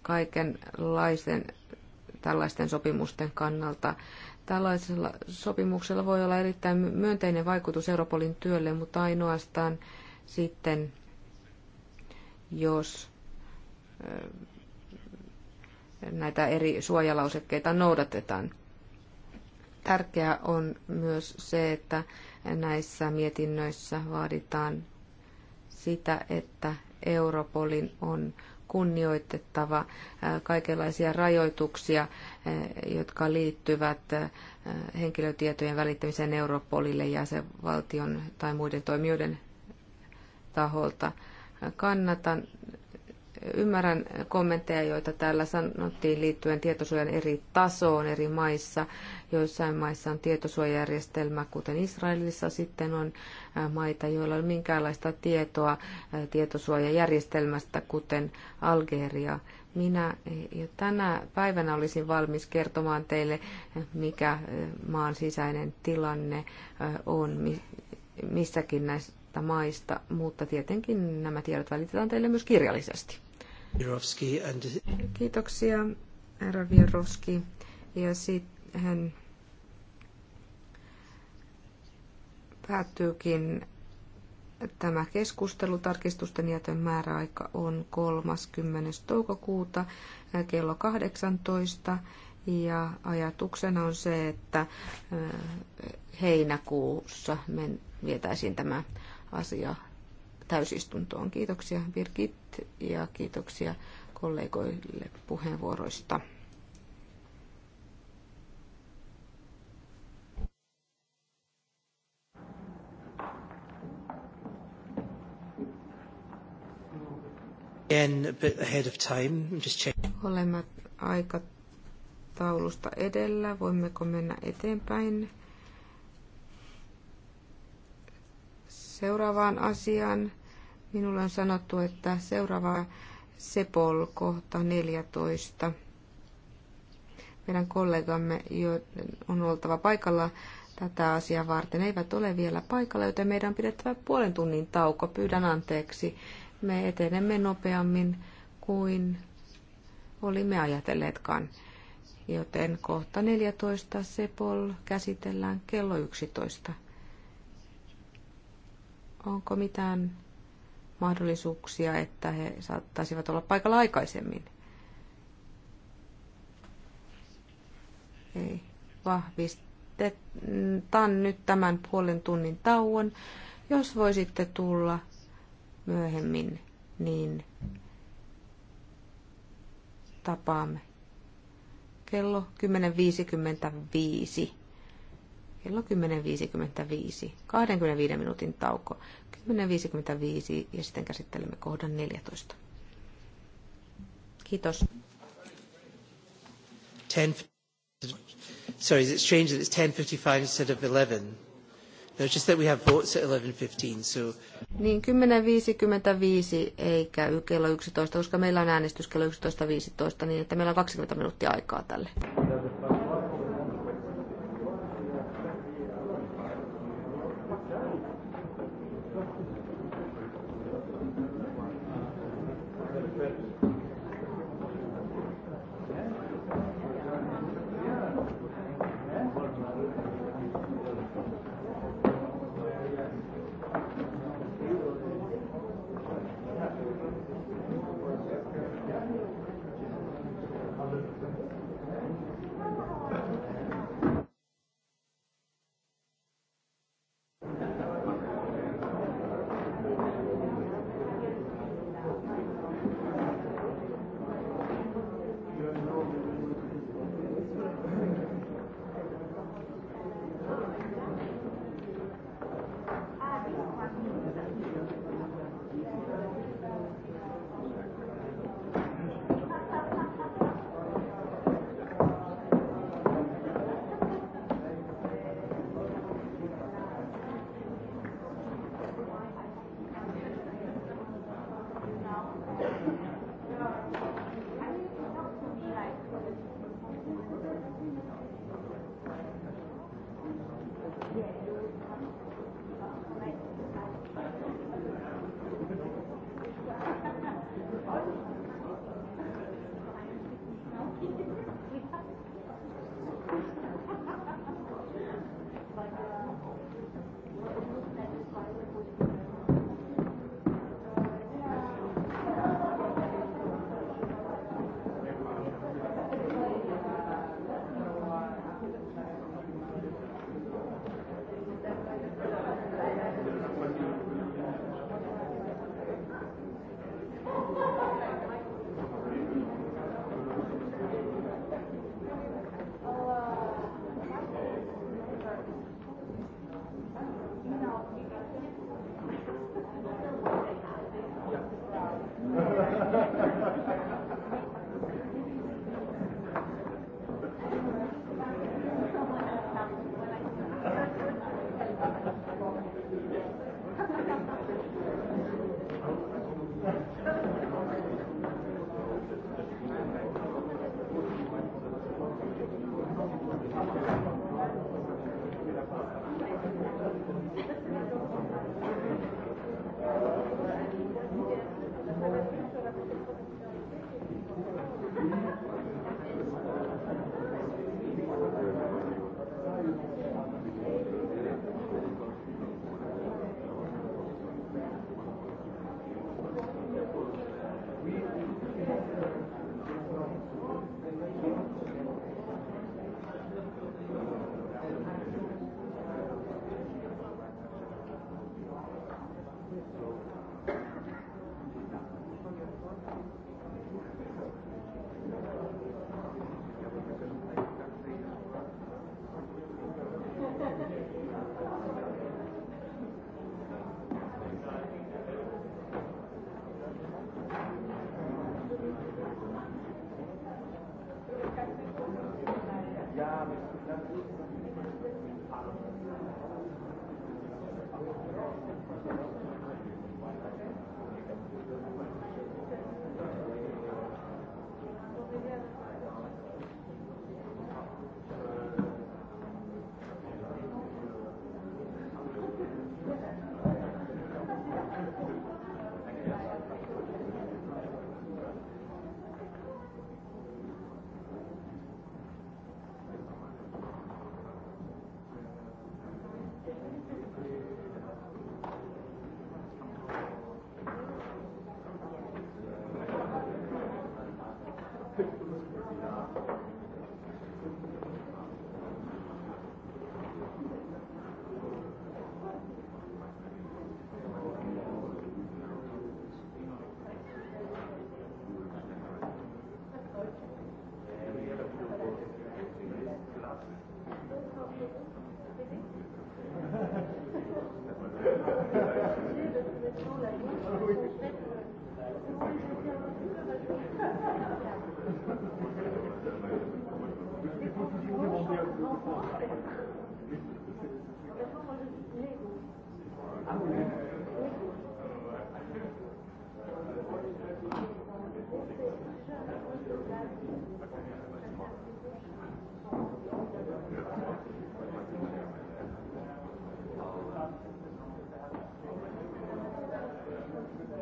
kaikenlaisten tällaisten sopimusten kannalta. Tällaisella sopimuksella voi olla erittäin myönteinen vaikutus Europolin työlle, mutta ainoastaan sitten jos näitä eri suojalausekkeita noudatetaan. Tärkeää on myös se, että näissä mietinnöissä vaaditaan sitä, että Europolin on kunnioitettava kaikenlaisia rajoituksia, jotka liittyvät henkilötietojen välittämiseen Europolille ja sen valtion tai muiden toimijoiden taholta. Kannatan, ymmärrän kommentteja, joita täällä sanottiin liittyen tietosuojan eri tasoon eri maissa. Joissain maissa on tietosuojajärjestelmä, kuten Israelissa sitten on maita, joilla ei ole minkäänlaista tietoa tietosuojajärjestelmästä, kuten Algeria minä jo tänä päivänä olisin valmis kertomaan teille, mikä maan sisäinen tilanne on missäkin näissä näistä maista, mutta tietenkin nämä tiedot välitetään teille myös kirjallisesti. Kiitoksia, herra Virovski. Ja sitten päättyykin tämä keskustelu. Tarkistusten jätön määräaika on 30. toukokuuta kello 18. Ja ajatuksena on se, että heinäkuussa me vietäisiin tämä asia täysistuntoon. Kiitoksia Birgit ja kiitoksia kollegoille puheenvuoroista. Again, Olemme aikataulusta edellä. Voimmeko mennä eteenpäin? seuraavaan asiaan. Minulle on sanottu, että seuraava Sepol kohta 14. Meidän kollegamme on oltava paikalla tätä asiaa varten. Ne eivät ole vielä paikalla, joten meidän on pidettävä puolen tunnin tauko. Pyydän anteeksi. Me etenemme nopeammin kuin olimme ajatelleetkaan. Joten kohta 14 Sepol käsitellään kello 11. Onko mitään mahdollisuuksia, että he saattaisivat olla paikalla aikaisemmin? Ei. Vahvistetaan nyt tämän puolen tunnin tauon. Jos voisitte tulla myöhemmin, niin tapaamme kello 10.55 kello 10.55, 25 minuutin tauko, 10.55 ja sitten käsittelemme kohdan 14. Kiitos. 10, sorry, is it strange that it's 10.55 instead of 11? No, it's just that we have votes at 11.15, so... Niin, 10.55 eikä kello 11, koska meillä on äänestys kello 11.15, niin että meillä on 20 minuuttia aikaa tälle.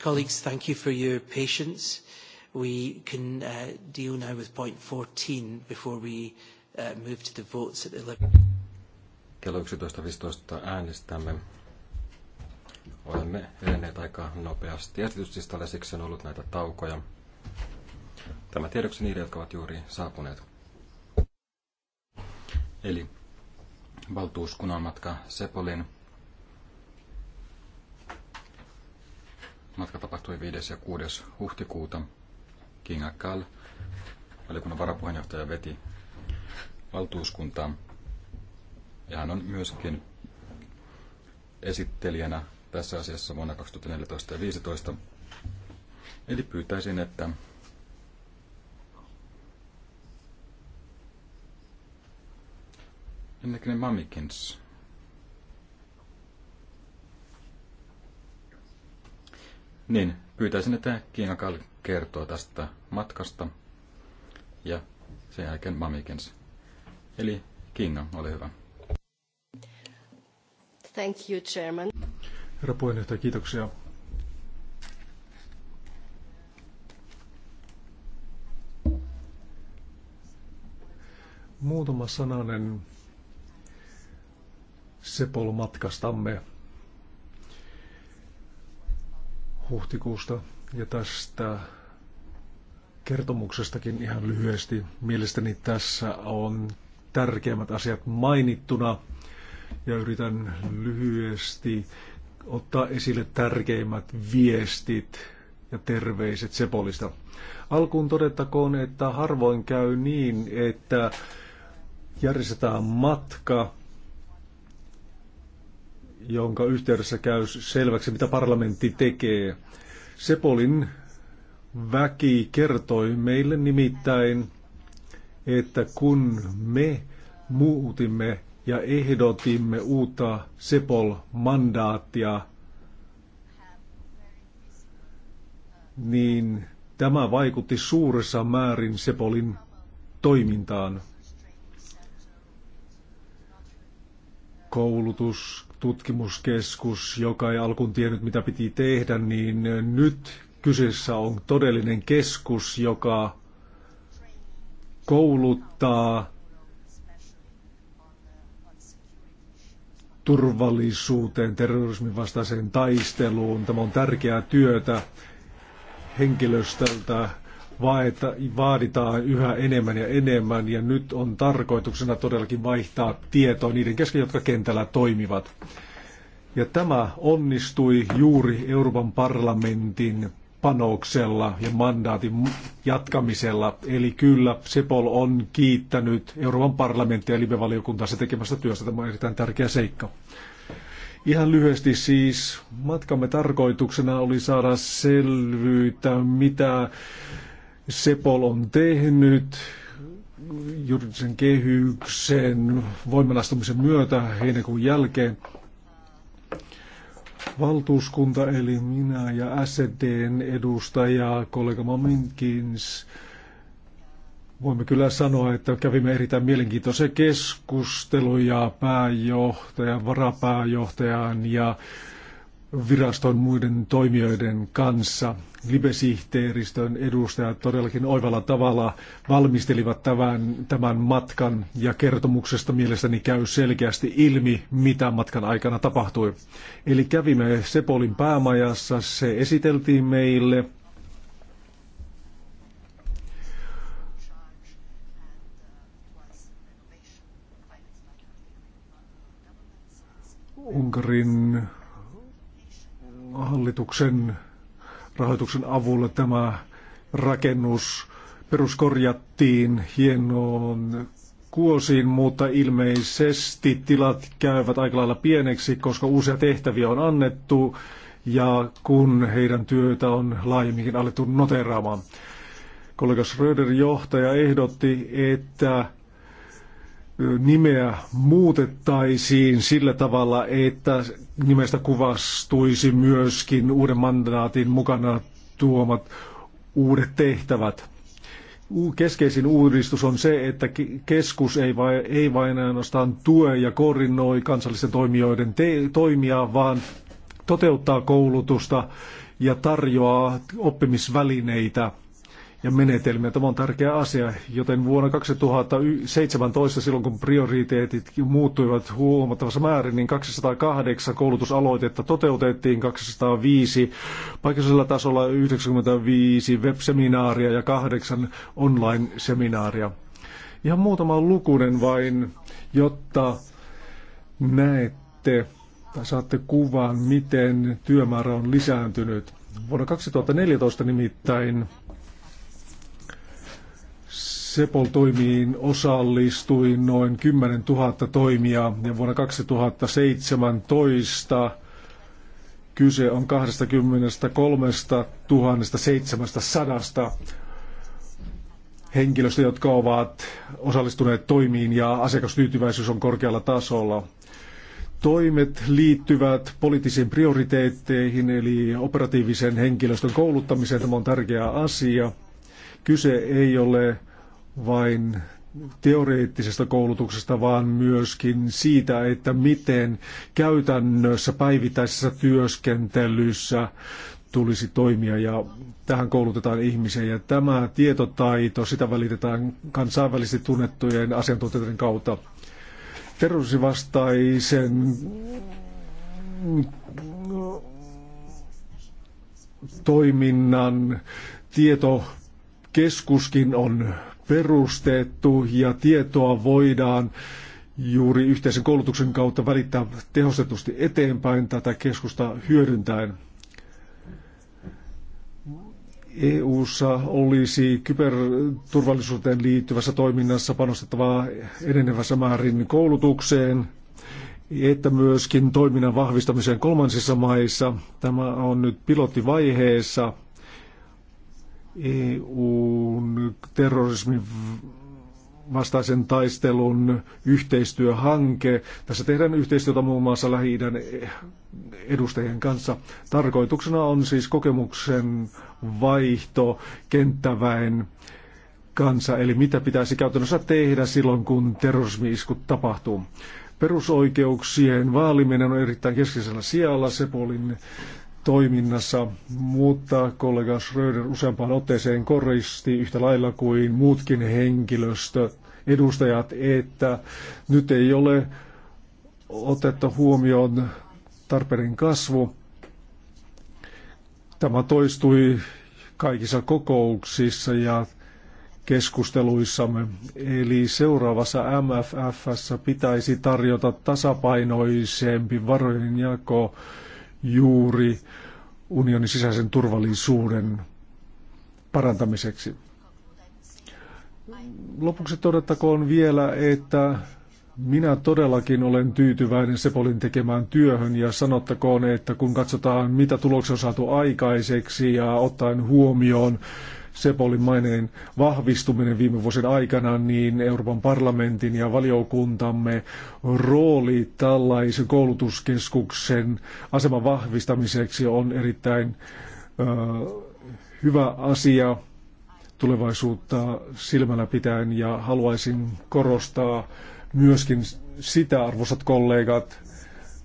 Colleagues, thank you for your patience. We can uh, deal now with point 14 before we uh, move to the votes at 11. Kello 11.15 äänestämme. Olemme edenneet aika nopeasti esityslistalle, siksi on ollut näitä taukoja. Tämä tiedoksi niille, jotka ovat juuri saapuneet. Eli valtuuskunnan matka Sepolin Matka tapahtui 5. ja 6. huhtikuuta. King Akal, valiokunnan varapuheenjohtaja, veti valtuuskuntaa. Ja hän on myöskin esittelijänä tässä asiassa vuonna 2014 ja 2015. Eli pyytäisin, että Ennenkin Mamikins Niin, pyytäisin, että Kiina kertoo tästä matkasta ja sen jälkeen Mamikens. Eli Kinga, ole hyvä. Thank you, Chairman. Herra puheenjohtaja, kiitoksia. Muutama sananen Sepol matkastamme. huhtikuusta ja tästä kertomuksestakin ihan lyhyesti. Mielestäni tässä on tärkeimmät asiat mainittuna ja yritän lyhyesti ottaa esille tärkeimmät viestit ja terveiset Sepolista. Alkuun todettakoon, että harvoin käy niin, että järjestetään matka jonka yhteydessä käy selväksi, mitä parlamentti tekee. Sepolin väki kertoi meille nimittäin, että kun me muutimme ja ehdotimme uutta Sepol-mandaattia, niin tämä vaikutti suuressa määrin Sepolin toimintaan. Koulutus, tutkimuskeskus, joka ei alkuun tiennyt mitä piti tehdä, niin nyt kyseessä on todellinen keskus, joka kouluttaa turvallisuuteen, terrorismin vastaiseen taisteluun. Tämä on tärkeää työtä henkilöstöltä, vaaditaan yhä enemmän ja enemmän ja nyt on tarkoituksena todellakin vaihtaa tietoa niiden kesken, jotka kentällä toimivat. Ja tämä onnistui juuri Euroopan parlamentin panoksella ja mandaatin jatkamisella. Eli kyllä Sepol on kiittänyt Euroopan parlamenttia ja live-valiokuntaa se tekemästä työstä. Tämä on erittäin tärkeä seikka. Ihan lyhyesti siis matkamme tarkoituksena oli saada selvyyttä, mitä Sepol on tehnyt juridisen kehyksen voimanastumisen myötä heinäkuun jälkeen. Valtuuskunta eli minä ja SDn edustaja kollega Maminkins Voimme kyllä sanoa, että kävimme erittäin mielenkiintoisia keskusteluja pääjohtajan, varapääjohtajan ja viraston muiden toimijoiden kanssa. Libesihteeristön edustajat todellakin oivalla tavalla valmistelivat tämän, tämän matkan ja kertomuksesta mielestäni käy selkeästi ilmi, mitä matkan aikana tapahtui. Eli kävimme Sepolin päämajassa, se esiteltiin meille. Unkarin hallituksen rahoituksen avulla tämä rakennus peruskorjattiin hienoon kuosiin, mutta ilmeisesti tilat käyvät aika lailla pieneksi, koska uusia tehtäviä on annettu ja kun heidän työtä on laajemminkin alettu noteraamaan. Kollega Röder johtaja ehdotti, että nimeä muutettaisiin sillä tavalla, että nimestä kuvastuisi myöskin uuden mandaatin mukana tuomat uudet tehtävät. Keskeisin uudistus on se, että keskus ei, vai, ei vain ainoastaan tue ja koordinoi kansallisten toimijoiden te- toimia, vaan toteuttaa koulutusta ja tarjoaa oppimisvälineitä – ja menetelmiä. Tämä on tärkeä asia, joten vuonna 2017, silloin kun prioriteetit muuttuivat huomattavassa määrin, niin 208 koulutusaloitetta toteutettiin, 205 paikallisella tasolla, 95 webseminaaria ja kahdeksan online-seminaaria. Ihan muutama lukunen vain, jotta näette tai saatte kuvan, miten työmäärä on lisääntynyt. Vuonna 2014 nimittäin Sepol-toimiin osallistui noin 10 000 toimijaa ja vuonna 2017 kyse on 23 700 henkilöstä, jotka ovat osallistuneet toimiin ja asiakastyytyväisyys on korkealla tasolla. Toimet liittyvät poliittisiin prioriteetteihin eli operatiivisen henkilöstön kouluttamiseen. Tämä on tärkeä asia. Kyse ei ole vain teoreettisesta koulutuksesta, vaan myöskin siitä, että miten käytännössä päivittäisessä työskentelyssä tulisi toimia ja tähän koulutetaan ihmisiä ja tämä tietotaito, sitä välitetään kansainvälisesti tunnettujen asiantuntijoiden kautta. terrorisivastaisen toiminnan tietokeskuskin on perustettu ja tietoa voidaan juuri yhteisen koulutuksen kautta välittää tehostetusti eteenpäin tätä keskusta hyödyntäen. EU:ssa olisi kyberturvallisuuteen liittyvässä toiminnassa panostettavaa enenevässä määrin koulutukseen, että myöskin toiminnan vahvistamiseen kolmansissa maissa. Tämä on nyt pilottivaiheessa EUn terrorismin vastaisen taistelun yhteistyöhanke. Tässä tehdään yhteistyötä muun muassa lähi edustajien kanssa. Tarkoituksena on siis kokemuksen vaihto kenttäväen kanssa, eli mitä pitäisi käytännössä tehdä silloin, kun terrorismi-iskut tapahtuu. Perusoikeuksien vaaliminen on erittäin keskeisellä sijalla Sepolin toiminnassa, mutta kollega Schröder useampaan otteeseen koristi yhtä lailla kuin muutkin henkilöstö edustajat, että nyt ei ole otettu huomioon tarpeiden kasvu. Tämä toistui kaikissa kokouksissa ja keskusteluissamme. Eli seuraavassa MFFssä pitäisi tarjota tasapainoisempi varojen jako juuri unionin sisäisen turvallisuuden parantamiseksi. Lopuksi todettakoon vielä, että minä todellakin olen tyytyväinen Sepolin tekemään työhön ja sanottakoon, että kun katsotaan mitä tuloksia on saatu aikaiseksi ja ottaen huomioon Sepolin maineen vahvistuminen viime vuosien aikana, niin Euroopan parlamentin ja valiokuntamme rooli tällaisen koulutuskeskuksen aseman vahvistamiseksi on erittäin ö, hyvä asia tulevaisuutta silmällä pitäen ja haluaisin korostaa myöskin sitä, arvoisat kollegat,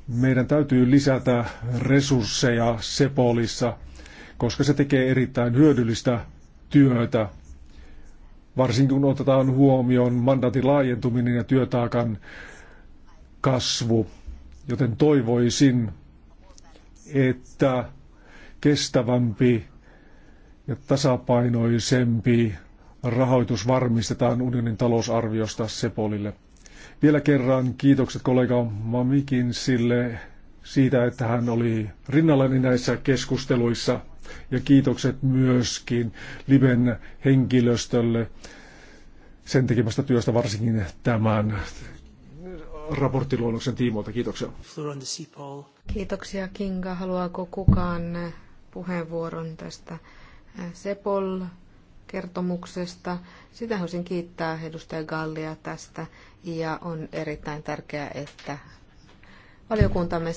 meidän täytyy lisätä resursseja Sepolissa, koska se tekee erittäin hyödyllistä työtä, varsinkin kun otetaan huomioon mandaatin laajentuminen ja työtaakan kasvu. Joten toivoisin, että kestävämpi ja tasapainoisempi rahoitus varmistetaan unionin talousarviosta Sepolille. Vielä kerran kiitokset kollega Mamikin sille siitä, että hän oli rinnallani näissä keskusteluissa. Ja kiitokset myöskin Liven henkilöstölle sen tekemästä työstä varsinkin tämän raporttiluonnoksen tiimoilta. Kiitoksia. Kiitoksia Kinga. Haluaako kukaan puheenvuoron tästä eh, Sepol-kertomuksesta? Sitä haluaisin kiittää edustaja Gallia tästä ja on erittäin tärkeää, että valiokuntamme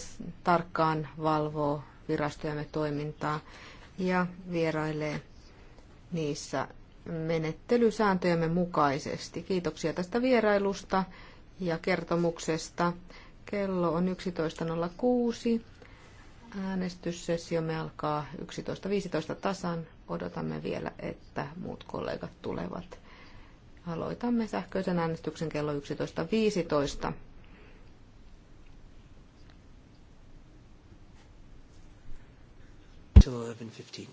tarkkaan valvoo virastojemme toimintaa ja vierailee niissä menettelysääntöjemme mukaisesti. Kiitoksia tästä vierailusta ja kertomuksesta. Kello on 11.06. Äänestyssessiomme alkaa 11.15 tasan. Odotamme vielä, että muut kollegat tulevat. Aloitamme sähköisen äänestyksen kello 11.15. until 11.15.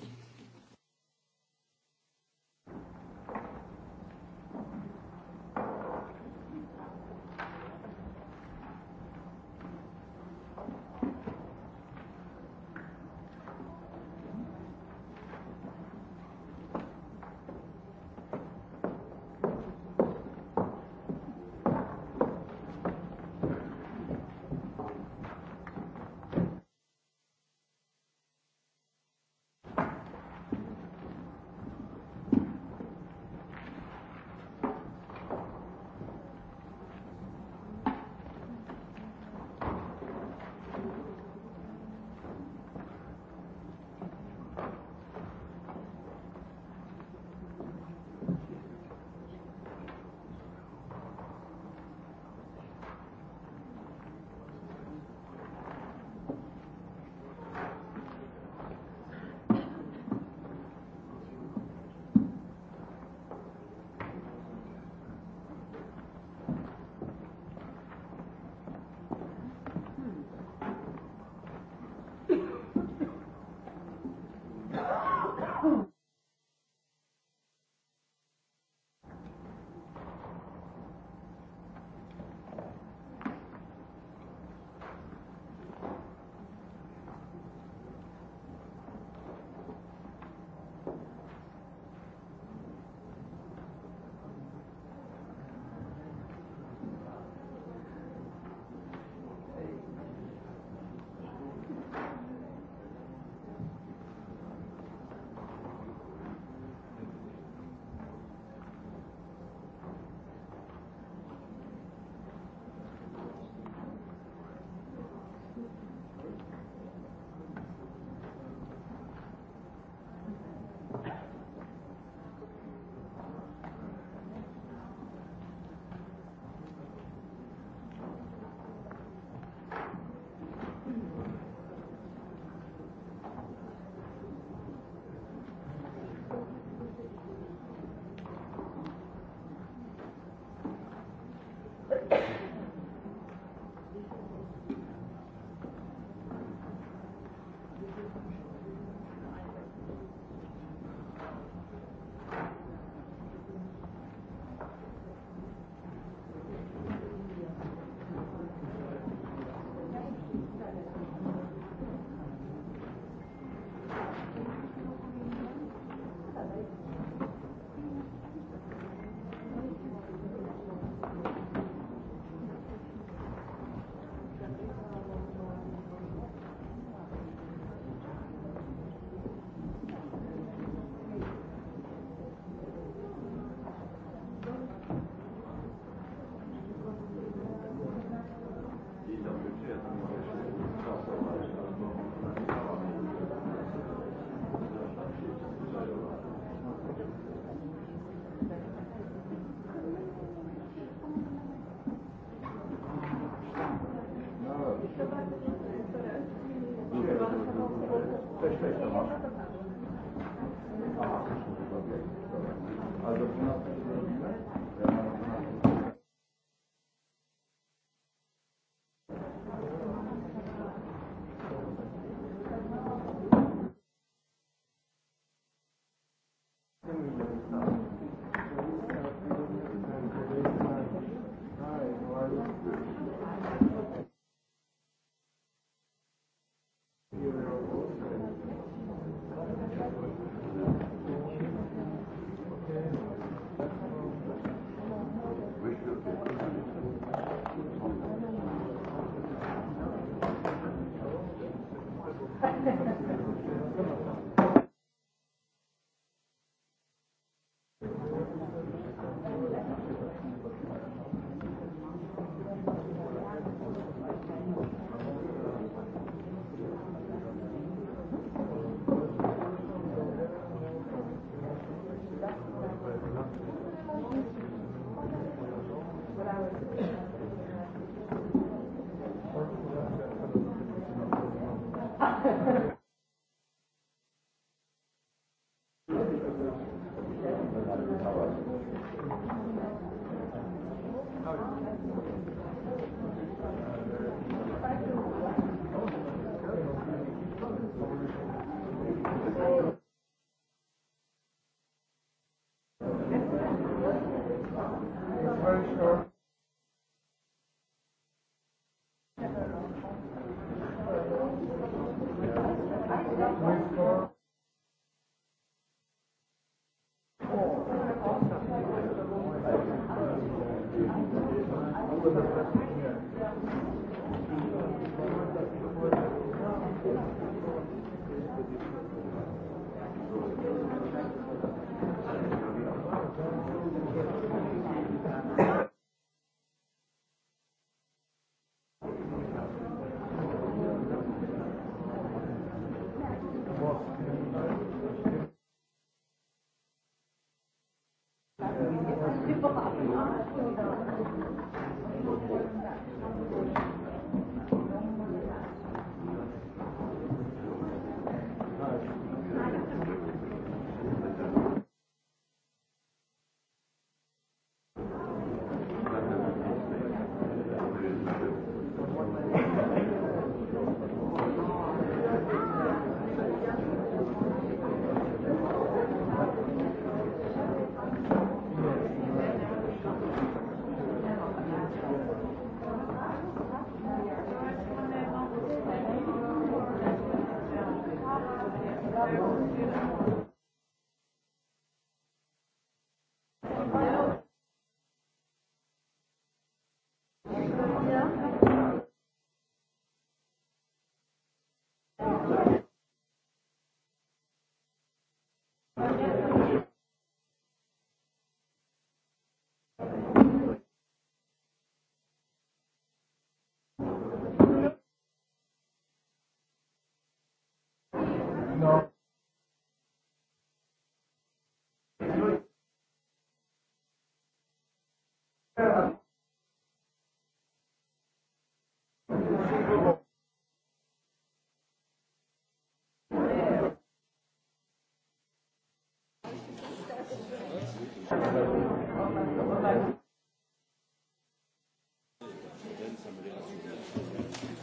No.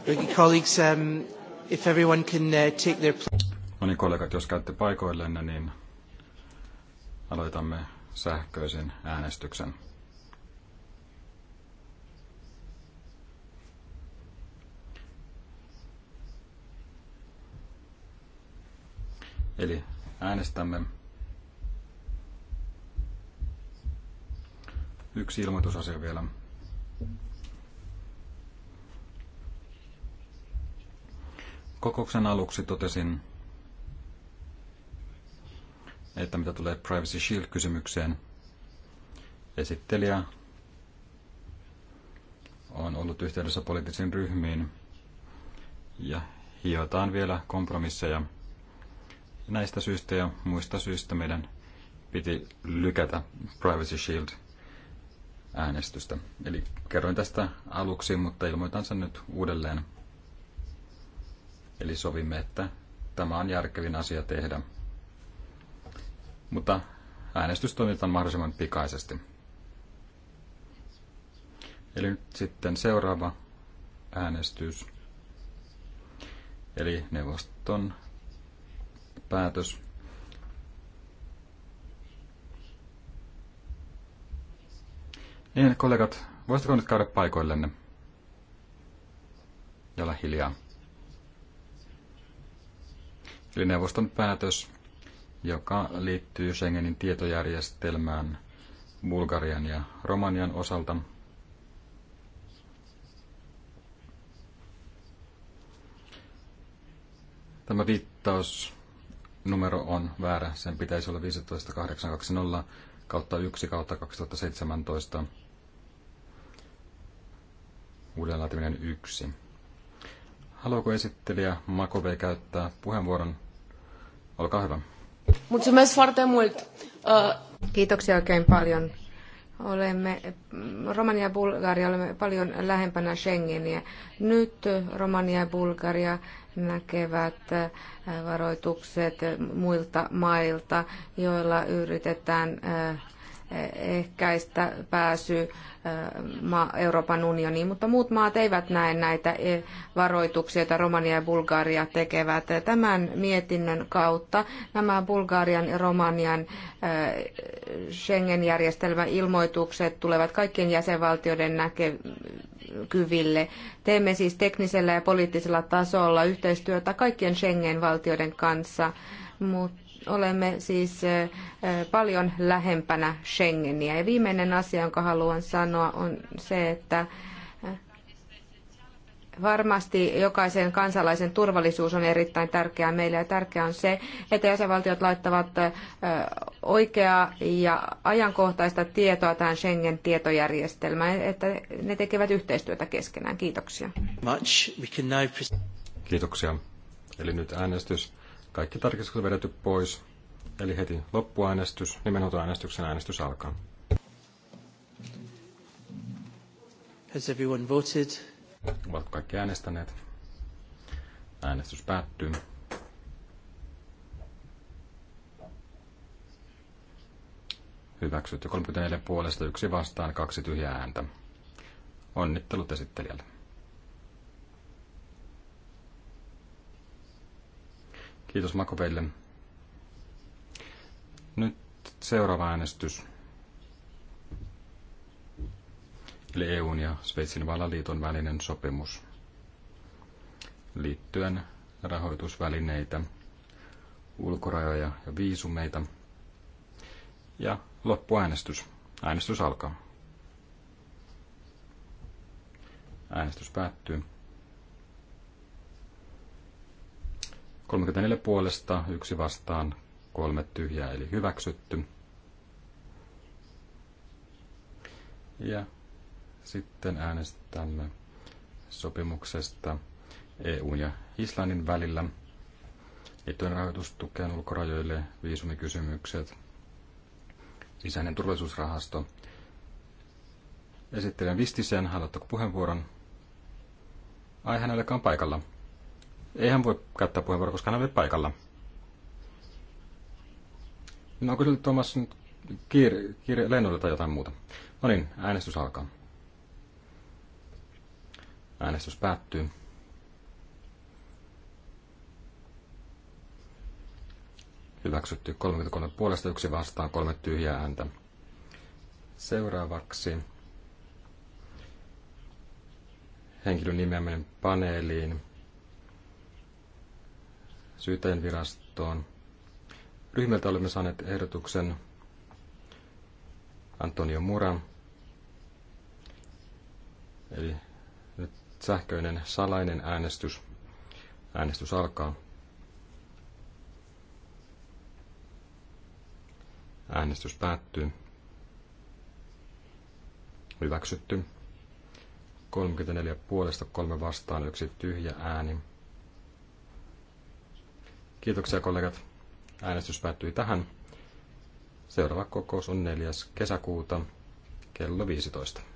Ricky colleagues, um, if everyone can uh, take their place. No niin, kollegat, jos käytte paikoillenne, niin aloitamme sähköisen äänestyksen. Eli äänestämme yksi ilmoitusasia vielä. Kokouksen aluksi totesin, että mitä tulee Privacy Shield-kysymykseen, esittelijä on ollut yhteydessä poliittisiin ryhmiin ja hiotaan vielä kompromisseja. Näistä syistä ja muista syistä meidän piti lykätä Privacy Shield äänestystä. Eli kerroin tästä aluksi, mutta ilmoitan sen nyt uudelleen. Eli sovimme, että tämä on järkevin asia tehdä – mutta äänestys toimitetaan mahdollisimman pikaisesti. Eli nyt sitten seuraava äänestys. Eli neuvoston päätös. Niin, kollegat, voisitteko nyt käydä paikoillenne? Ja olla hiljaa. Eli neuvoston päätös joka liittyy Schengenin tietojärjestelmään Bulgarian ja Romanian osalta. Tämä viittaus numero on väärä. Sen pitäisi olla 15820 kautta 1 kautta 2017 uudenlaatiminen 1. Haluaako esittelijä Makove käyttää puheenvuoron? Olkaa hyvä. Mulțumesc foarte mult. Uh, Kiitoksia oikein paljon. Olemme, Romania ja Bulgaria olemme paljon lähempänä Schengeniä. Nyt Romania ja Bulgaria näkevät äh, varoitukset muilta mailta, joilla yritetään äh, ehkäistä pääsy Euroopan unioniin, mutta muut maat eivät näe näitä e, varoituksia, joita Romania ja Bulgaria tekevät. Tämän mietinnön kautta nämä Bulgarian ja Romanian Schengen-järjestelmän ilmoitukset tulevat kaikkien jäsenvaltioiden näkyville. Teemme siis teknisellä ja poliittisella tasolla yhteistyötä kaikkien Schengen-valtioiden kanssa, mutta olemme siis paljon lähempänä Schengeniä. Ja viimeinen asia, jonka haluan sanoa, on se, että Varmasti jokaisen kansalaisen turvallisuus on erittäin tärkeää meille ja tärkeää on se, että jäsenvaltiot laittavat oikeaa ja ajankohtaista tietoa tähän Schengen-tietojärjestelmään, että ne tekevät yhteistyötä keskenään. Kiitoksia. Kiitoksia. Eli nyt äänestys. Kaikki tarkistukset on vedetty pois, eli heti loppuäänestys, nimenhuutoäänestyksen äänestys alkaa. Has everyone voted? Ovatko kaikki äänestäneet? Äänestys päättyy. Hyväksytty 34 puolesta, yksi vastaan, kaksi tyhjää ääntä. Onnittelut esittelijälle. Kiitos Makopeille. Nyt seuraava äänestys. Eli EUn ja Sveitsin valaliiton välinen sopimus liittyen rahoitusvälineitä, ulkorajoja ja viisumeita. Ja loppuäänestys. Äänestys alkaa. Äänestys päättyy. 34 puolesta, yksi vastaan, kolme tyhjää, eli hyväksytty. Ja sitten äänestämme sopimuksesta EUn ja Islannin välillä. Liittyen rahoitustukeen ulkorajoille, viisumikysymykset, sisäinen turvallisuusrahasto. Esittelen Vistisen, haluatteko puheenvuoron? Ai, hän ei paikalla. Ei hän voi käyttää puheenvuoroa, koska hän ei paikalla. No onko sinulle Tuomas nyt kiire, kiire lennolle tai jotain muuta? No niin, äänestys alkaa. Äänestys päättyy. Hyväksytty 33 puolesta, yksi vastaan, kolme tyhjää ääntä. Seuraavaksi henkilön nimeäminen paneeliin syyttäjän virastoon. Ryhmältä olemme saaneet ehdotuksen Antonio Mura, eli nyt sähköinen salainen äänestys. Äänestys alkaa. Äänestys päättyy. Hyväksytty. 34 puolesta, 3 vastaan, yksi tyhjä ääni. Kiitoksia kollegat. Äänestys päättyi tähän. Seuraava kokous on 4. kesäkuuta kello 15.